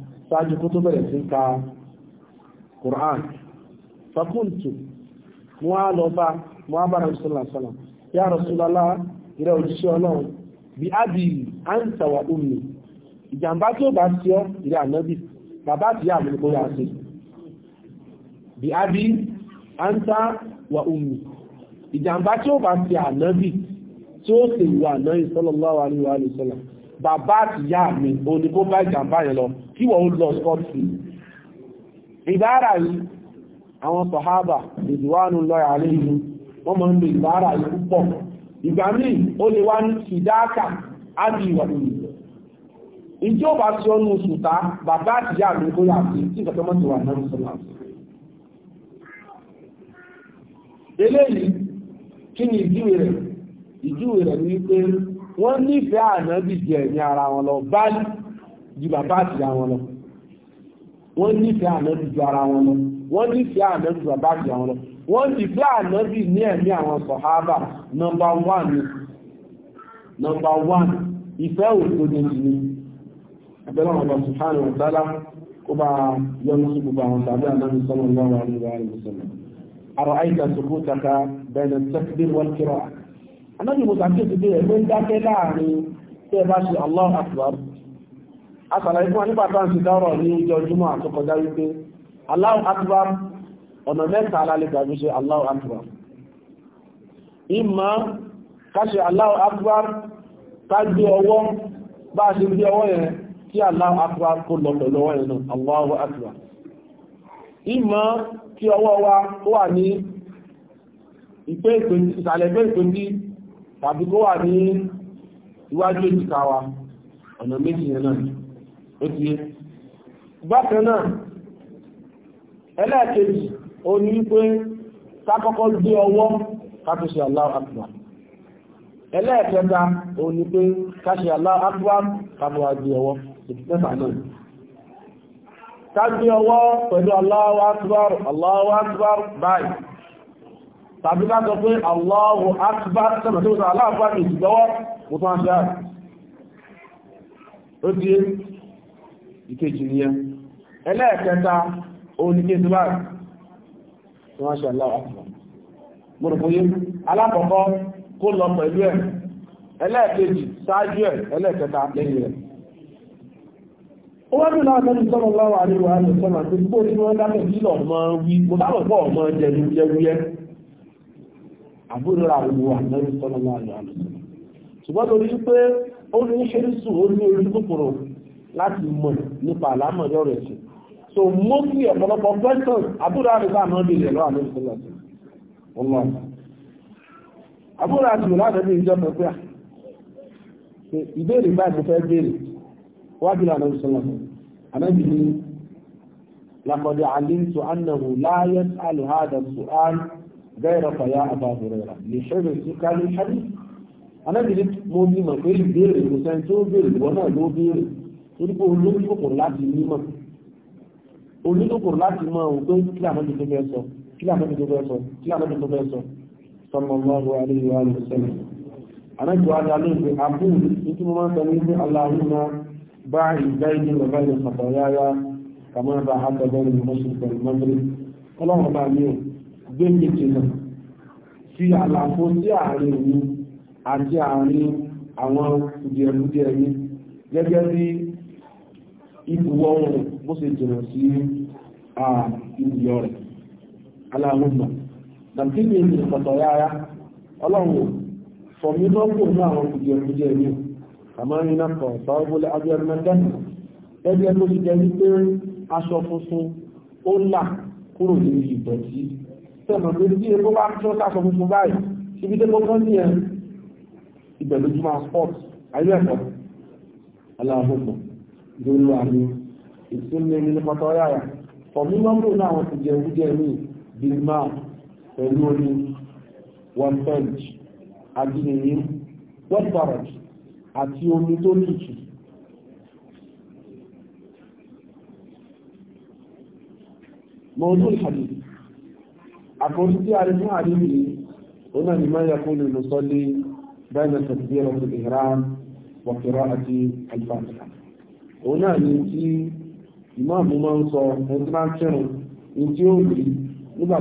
ṣáájú kó tó bẹ̀rẹ̀ sí ka Qur'an fakultu wọ́n á lọ bá wọ́n á bára ìṣẹ́lá sọ́lá ya Rasulullah ìrẹ́ òjíṣẹ́ ọlọ́run bí ábì anta wa ummi ìjàmbá tí ó bá sí ọ ìrẹ́ ànábì bàbá àti ìyá àmì kóyà sí bí ábì anta wa ummi ìjàmbá tí ó bá sí ànábì tí ó sì wà náà sallallahu alaihi wa sallam bàbá àtìyá mi o ní kó bá ìjàmbá yẹn lọ kí wọ́n lọ scotland ìbára yìí àwọn sọ̀hábà ìdíwánu lọ́yà aléyìn wọ́n máa ń lo ìbára yìí púpọ̀ ìgbà míì ó lè wá ní ìdáàkà ábí ìwà ìlú ìjọ bá tí ó nù sùtá bàbá àtìyá mi kó yà sí tí nǹkan tó mọ́ ti wà náà sọ́lá eléyìí kí ni ìjúwe rẹ̀ ìjúwe rẹ̀ ní wọ́n nífẹ̀ẹ́ ànábì jẹ ẹ̀mí ara wọn lọ bá ju bàbá àti ìyá wọn lọ wọ́n nífẹ̀ẹ́ ànábì ju ara wọn lọ wọ́n nífẹ̀ẹ́ ànábì ju bàbá àti ìyá wọn lọ wọ́n nífẹ̀ẹ́ ànábì ní ẹ̀mí àwọn sọ̀hábà nọmba wán nọmba wán ìfẹ́ òtò ní ìlú abẹ́rẹ́ ọ̀rọ̀ subhanahu wa ta'ala kó bá yọnu sí gbogbo àwọn tàbí ànábì sallallahu alaihi wa sallam àrọ̀ àìsàn sukutaka bayna at-takbir wal qira'ah anábì musa nke èsì dee ń dákẹ́ láàrin tí ẹ bá ṣe allah akbar asàlàyé fún wa nípa tó ń ṣe dárọ̀ ní ìjọ júmọ́ àtọkọjá wípé allah akbar ọ̀nà mẹ́ta alálẹ́ ṣe allah akbar ìmọ̀ káṣe allah akbar ká gbé ọwọ́ bá ṣe gbé ọwọ́ yẹn allah akbar kó lọ pẹ̀lú ọwọ́ yẹn wa wà ní ìpé ìpè ìsàlẹ̀ tàbí kó wà ní iwájú èjìká wa ọ̀nà méjì yẹn náà ó ti yé bákan náà ẹlẹ́ẹ̀kejì ó ní wípé ká kọ́kọ́ gbé ọwọ́ ká tó ṣe Allahu Akbar ẹlẹ́ẹ̀kẹta ó ní pé ká ṣe Allahu Akbar ká tó wá gbé ọwọ́ ìtìtẹ́fà náà ká gbé ọwọ́ pẹ̀lú Allahu báyìí tàbí ká sọ pé Allahu Akbar sọ̀nà tó sọ aláàfà ìsìgbọ́wọ́ mo tó ń ṣe àrùn ó di ìkejì ní ẹ ẹlẹ́ẹ̀kẹta oníkejì tó bá tó wọ́n ṣe Allahu Akbar mo rò fóyé alákọ̀ọ́kọ́ kó lọ pẹ̀lú ẹ̀ ẹlẹ́ẹ̀kejì ṣáájú ẹ̀ ẹlẹ́ẹ̀kẹta lẹ́yìn ẹ̀ wọ́n bí náà tẹ́lú sọ́rọ̀ láwà àríwá àríwá sọ́rọ̀ àti wọ́n dákẹ̀ sílọ̀ mọ́ wí mo dábọ̀ pọ̀ mọ́ jẹ̀lú jẹ́wúyẹ́ àbúrò àrùwò àmẹ́rí sọ́lọ́lá àlọ́ àlùsọ́lá ṣùgbọ́n torí pé ó ní ṣeríṣù ó ní orí kòkòrò láti mọ̀ nípa àlámọ̀ lọ́rọ̀ ẹ̀sìn so mostly ọ̀pọ̀lọpọ̀ questions àbúrò àrùwò àmọ́bí rẹ̀ lọ́wọ́ àmẹ́rí sọ́lọ́lá ọmọ àbúrò àti ìlànàbí ìjọ pẹ̀pẹ́ ìbéèrè báyìí mo fẹ́ béèrè wájú lànà ìṣẹ̀lẹ̀ ànábì ní lakọ̀dẹ̀ àlíntù annahu láyé alùhádà sùhánù غير fàyà àbáhùrẹ́ra lè ṣẹ́rẹ̀ tí ká ní ṣárí alábìrin mo ní mọ̀ pé ìbéèrè kò sẹ́ni tó béèrè ìwọ náà ló béèrè torí pé olókùnkùn láti nímọ̀ olókùnkùn láti mọ òun pé kí àmọ́bí tó fẹ́ sọ kí àmọ́bí tó fẹ́ sọ kí àmọ́bí tó fẹ́ sọ sọmọ ọmọ aláyé wa lè sẹ́ni anájú ada ló ń pe abúl ní tí mo máa ń sọ ní pé aláhùnà bá ìgbà ìdí bàbá ìlú sàkọyáyá kàmọ́ bá àtọ̀gbẹ́ni mọ́ṣùkọ̀ ìmọ́bìnrin ọlọ́run bá mi ò gbémi jìnà fi àlàfo sí àárín òun àti àárín àwọn kùdìẹ̀kùdìẹ̀ mi gẹ́gẹ́ bí ibùwọ̀ oòrùn bó ṣe jìnà sí ibùyọ ya ẹgbẹ́ tó jẹ́ wípé aṣọ funfun ó là kúrò sẹ́mọ̀ lórí bí epo bá ń tó sáṣọ funfun báyìí ibi tó gbọ́n ní ẹ ìbẹ̀lójúmọ́ sport ayé ẹ̀kọ́ aláàbòbò lórí àmì ìsinmi ní pátọ́ yára fọ̀mí mọ́mú náà wọ́n ti jẹ oúnjẹ ní bilma pẹ̀lú orí one bench agbìnrin wọ́n parrot àti omi tó tutù mọ́ọ̀dún ìhàdìsí àkórí tí a rí fún àríwí òun náà ni máa yà kó lè lọ sọ́lé báyìí náà tẹ̀sí ẹ̀rọ tó ìhram wọ̀kẹ̀rọ àti alifásitì òun náà ni tí ìmáàmù máa ń sọ ẹni máa ń kírun ní tí ó rí nígbà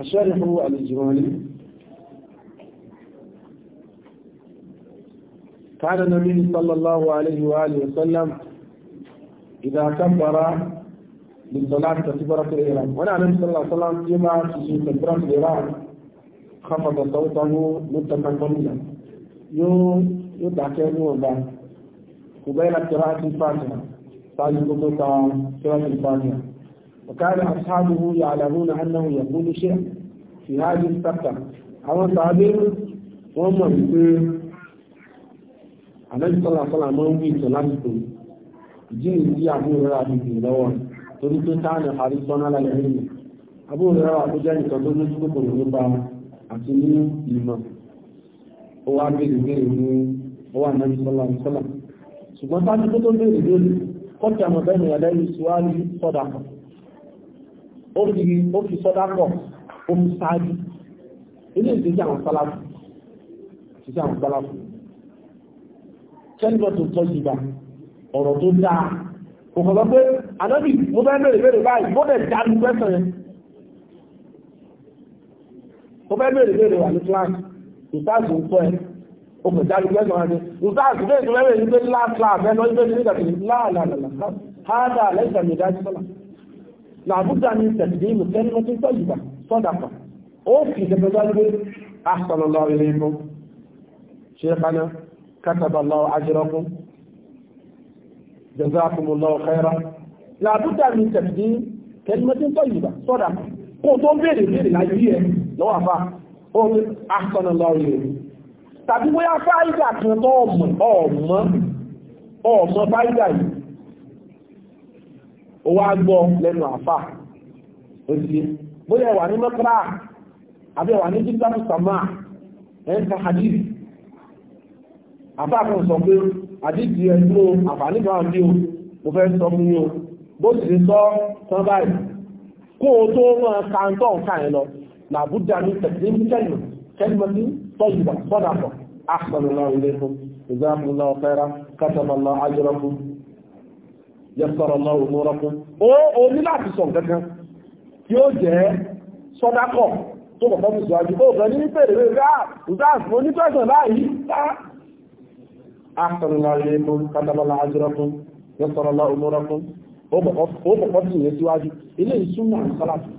الشارح هو الإجمالي كان النبي صلى الله عليه وآله وسلم إذا كبر للصلاة تكبيرة الإيران وأنا النبي صلى الله عليه وسلم فيما في تكبيرة الإيران خفض صوته مدة طويلة يوم يدعكين وبعد وبين قراءة الفاتحة بعد قراءة الفاتحة وكان أصحابه يعلمون أنه يقول شيئا في هذه الفترة àwọn tàbí wọ́n mọ̀ wípé àdájútọ́lá sọ́là mọ́ ń wí ìtọ̀ lásìkò ìjíni sí àbúrò àbìbì lọ́wọ́ torí pé táàlẹ̀ àrísọ́nà lálẹ́rìn àbúrò rẹ̀ tó jẹ́ ìtọ̀ tó lójú kòkòrò nípa àti ní ìmọ̀ ó wá béèrè béèrè ní ọwọ́ àdájútọ́lá sọ́là ṣùgbọ́n tájú tó tó béèrè béèrè kọ́kì àmọ̀bẹ́ni àdájú síwájú sọ́dà kan ó fi ó fi sọ́dá pọ̀ ó fi sáájú ilé ìdíjà àwọn sálábù ìdíjà àwọn sálábù kẹ́ńdọ̀ tó tọ́ yìí bá ọ̀rọ̀ tó dáa kò kọ̀ pé ànábì mo fẹ́ bèrè bèrè báyìí mo dẹ̀ dá lu pẹ́sàn yẹn mo fẹ́ bèrè bèrè wà ní kíláàsì ìtaàsì ń kọ́ ẹ o kò dá lu pẹ́sàn yẹn ní ìtaàsì bẹ́ẹ̀ tó lẹ́wẹ̀ẹ́ ní pé láàlá àbẹ́lọ́ ìgbésí nígbà tó ní láàlá àlàlá hádà lẹ́sàn mi dájú sọ́lá làbújá ní tẹ̀lé ìlú tẹ́lẹ̀ mọ́tí tọ́ ìgbà sọ́dàpọ̀ ó fi ìdẹ́gbẹ́gbẹ́ gbé àṣọlọ́lọ́ ilé inú ṣe kaná kátàbàlọ́ ajírọ́kún jazakumullahu khaira làbújá ní tẹ̀lé tẹ́lẹ̀ mọ́tí tọ́ ìgbà sọ́dàpọ̀ kó tó béèrè béèrè láyé ẹ̀ lọ́wọ́ àfà ó ní àṣọlọ́lọ́ ilé inú tàbí bóyá fáìdà kan tó ọmọ ọmọ fáìdà yìí ó wá gbọ́ lẹ́nu àfà òsì bóyá ẹ̀wà ní mẹ́kàrà àbí ẹ̀wà ní jíjáàmù sàmà ẹ̀ǹkà hadith àfà kan sọ pé àdíjì ẹ̀dúró àfààní kan bí o mo fẹ́ sọ mú yóò bó sì sọ tán kó o tó mọ́ kàńtọ̀ nǹkan lọ làbújá ní tẹ̀sí kẹ́lù tọ́jú bọ̀ sọ́dà bọ̀ ilé fún ìzáàmù náà fẹ́ra kátàmọ́lá ajọ́rọ́kùn yẹsọ̀rọ̀ lọ òmúrọ́kún ó oní láti sọ gẹ́gẹ́ tí ó jẹ́ sọ́dákọ̀ tó kọ̀kọ́ mú síwájú ó bẹ̀rẹ̀ ní pèrè rẹ̀ rá ìdáàs mo ní tẹ́sàn láàyí tá àtọ̀rọ̀lọ́rẹ̀ mú kátàbọ̀lá ajúrọ́kún yẹsọ̀rọ̀ lọ òmúrọ́kún ó kọ̀kọ́ sí ìyẹn síwájú ilé ìsúnmù àìsálàtì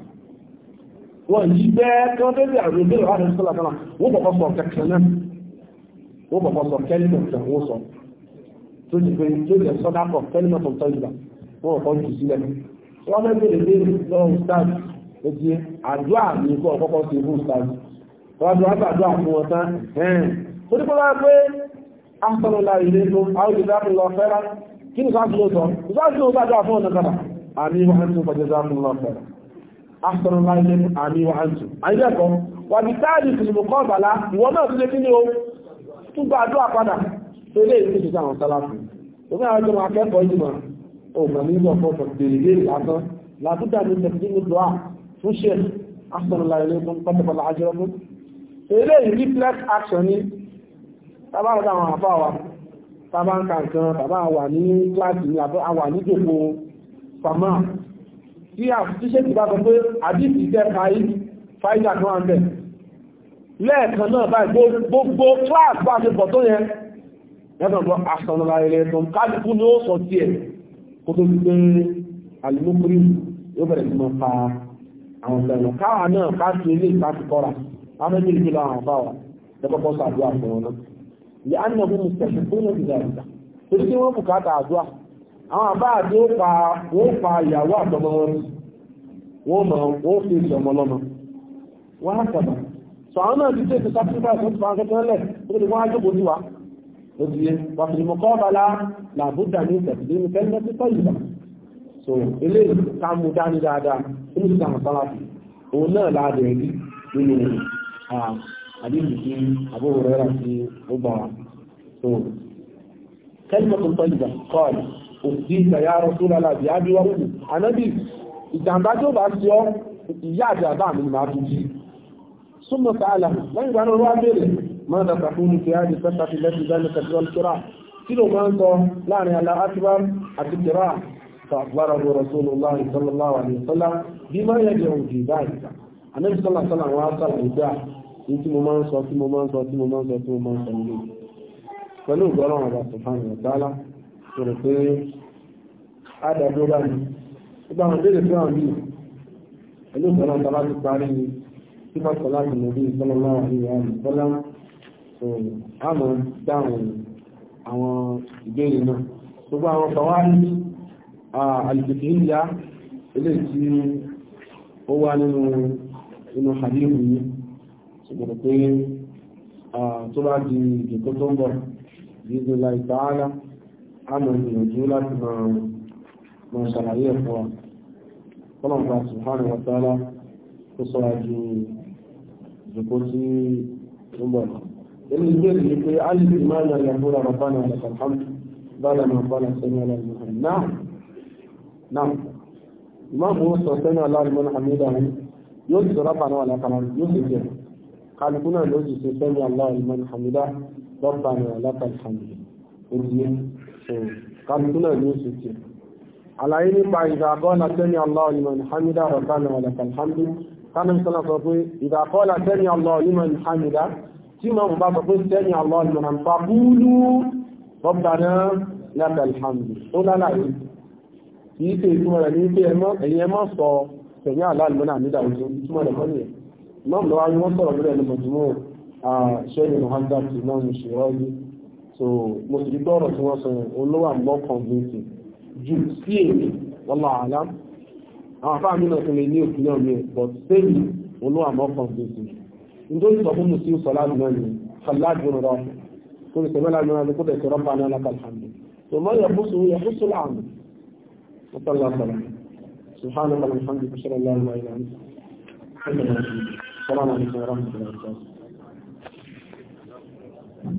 wọ́n yí bẹ́ kí wọ́n tẹ́lẹ̀ àrùn ìbéèrè wà ní sọ́lá tó ti pé tó jẹ́ sọ́dá pọ̀ tẹ́lẹ̀ mọ́tò tọ́jú wọn ò kọjú sílẹ̀ wọ́n fẹ́ bèrè lé lọ́wọ́ stars ó ti ní ikú ọ̀kọ́kọ́ sí ikú stars wọ́n ti wá fún wọn tán ẹ̀ẹ́n tó ní kọ́lá pé asọ́nùlá ilé tó àwọn ìdáàbò lọ fẹ́ra kí ni sáàtì ló sọ sáàtì ló fún ọ̀nà àmì tún lọ fẹ́ra tó lè rí ìṣẹ́ àwọn sálàfù òun àwọn ọjọ́ máa kẹ́kọ̀ọ́ ìgbìmọ̀ ògbà ní ìgbà fọ́fọ́ bèrè léèrè lásán làbúdà ní tẹ̀sí ní dùá fún ṣe asọ̀rọ̀lá ilé fún pátápátá ajọ́ fún eré reflex action ni tábà rẹ̀ àwọn àbá wa tábà ń ka nǹkan tábà wà ní kíláàsì ní àbá wà ní ìjòkó pàmà tí a ti ṣe ti bá sọ pé àdìsí jẹ́ fáìdà kan wà ń bẹ̀ lẹ́ẹ̀kan náà báyìí gbogbo class bá ṣe pọ̀ tó yẹn yàtọ̀gbọ́ asọ̀nàlá ilẹ̀ tó ń kálùkù ní ó sọ tí ẹ̀ kó tó gbé alìmókúrí yóò bẹ̀rẹ̀ sí máa pa àwọn ìlànà káwà náà káàtì ilé ìpàtì kọ́ra amẹ́bí ìlú àwọn fáwà lẹ́kọ́kọ́ pa wọ́n pa ìyàwó àtọmọ wọn wọ́n mọ̀ wọ́n fi ìṣọmọ lọ́mọ wọ́n á sọ̀rọ̀ sọ àwọn náà ti tètè sacrifice wọ́n lóbìyẹ wàfìlìmọ̀ kọ́ọ̀bàlá làbúdà ní ìtẹ̀sílẹ̀ ní kẹ́lẹ́ tó tọ́yì bá so ilé ká mú dání dáadáa nínú ìgbà àpárafì òun náà láàdẹ̀ rí nínú àdéhùn sí àbúrò rẹ̀ àti ọgbà wa so kẹ́lẹ́ tó tọ́yì bá kọ́ọ̀lù òsì ìtẹ̀yà rọ́sùn aláàbí ábíwá wù ànábì ìjàmbá tó bá ti ọ ìyá àti àbá mi máa tún jí súnmọ̀ sáà lẹ́yìn ìgbà náà wá bẹ̀rẹ̀ ماذا تقول في هذه الفتحة التي بينك بين القراءة كيلو مانتو لا أنا لا أكبر القراءة فأخبره رسول الله صلى الله عليه وسلم بما يدعو في ذلك النبي صلى الله عليه وسلم واصل الدعاء انت ممان صوتي ممان صوتي ممان صوتي ممان صوتي pẹ̀lú ìgbọ́ràn ọba sọ̀fánì ọ̀tálá sọ̀rọ̀ pé àdàdó bá ní ìgbà àwọn ìbéèrè fún àwọn yìí pẹ̀lú ìgbọ́ràn ọba láti parí ní sípàtọ̀ láti mọ̀ so a mọ̀ dáhùn àwọn ìbéèrè náà gbogbo àwọn kan wá ní àlùkìtì ìyá ilé tí ó wá nínú inú hadith yìí ṣùgbọ́n pé tó bá di ìdìkó tó ń bọ̀ yíò láì tààlà a mọ̀ ìrìnàjò láti mọ̀ ṣàlàyé ẹ̀fọ́ wa kọ́lọ̀mùbá subhanahu wa ta'ala tó sọ́ra ju ìdìkó bọ̀ lọ ẹni bẹ́ẹ̀ ni pé alibi máa ń yàgbó ra bàbá náà lọ sàkám bára máa bá lọ sẹ́yìn ọlọ́run mọ́hàn náà náà ìmáàmù ó sọ sẹ́yìn ọlọ́run mọ́hàn hamida rẹ̀ yóò sì sọ̀rọ̀ bàbá náà lákàrà yóò sì jẹ́ kálukú náà ló sì ṣe sẹ́yìn ọlọ́run mọ́hàn hamida bàbá náà lákàrà hamida òdìyẹ kálukú náà ló sì jẹ́ àlàyé nípa ìdàgọ́nà sẹ́yìn ọlọ́run mọ́hàn hamida bàbá náà lákàrà hamida kánú sọ́nà sọ pé ìdàkọ́lá sẹ́yìn ọlọ́run mọ́hàn hamida tí ma ń bá sọ pé sẹ́yìn àwọn ìmọ̀ràn fàbúlú rabbana lakal hamdu ó lálàyé kì í ṣe ìtumọ̀ rẹ̀ ní pé ẹ̀yẹ mọ́ sọ sẹ̀yìn aláàlùmọ́nà àmìdà òjò ìtumọ̀ rẹ̀ mọ́nìyàn imam lọ́wọ́ ni wọ́n sọ̀rọ̀ lórí ẹlẹ́mọ̀júmọ́ ṣẹ́yìn mohammed ti náà ní ṣèrọ́jú so mo sì rí gbọ́rọ̀ tí wọ́n sọ olówó àmọ́ convincing ju sí èmi wallahu alam àwọn afáàmì náà tó lè ní òkú náà mi but sẹ́yìn olówó àmọ́ convincing nítorí sọ fún musu sọlá nù náà ni sọlá jù rọ kó lè sọlá nù náà ni kó lè sọlá bá náà lakal hamdu tó mọ yahusu yahusu làánù sọlá sọlá subhanahu wa ta'ala alhamdulilayi sọlá nù náà ni sọlá nù náà ni sọlá nù náà ni sọlá nù náà ni sọlá nù náà ni sọlá nù náà ni sọlá nù náà ni sọlá nù náà ni sọlá nù náà ni sọlá nù náà ni sọlá nù náà ni sọlá nù náà ni sọlá nù náà ni sọlá nù náà ni sọlá nù náà ni sọlá nù ni sọlá nù sọlá nù ni sọlá nù sọlá nù ni sọlá nù sọlá nù ni sọlá nù sọlá nù ni sọlá nù sọlá nù ni sọlá nù sọlá nù ni sọlá nù sọlá nù ni sọlá nù sọlá nù ni sọlá nù sọlá nù ni sọlá nù sọlá nù ni sọlá nù sọlá nù ni sọlá nù sọlá nù ni sọlá nù náà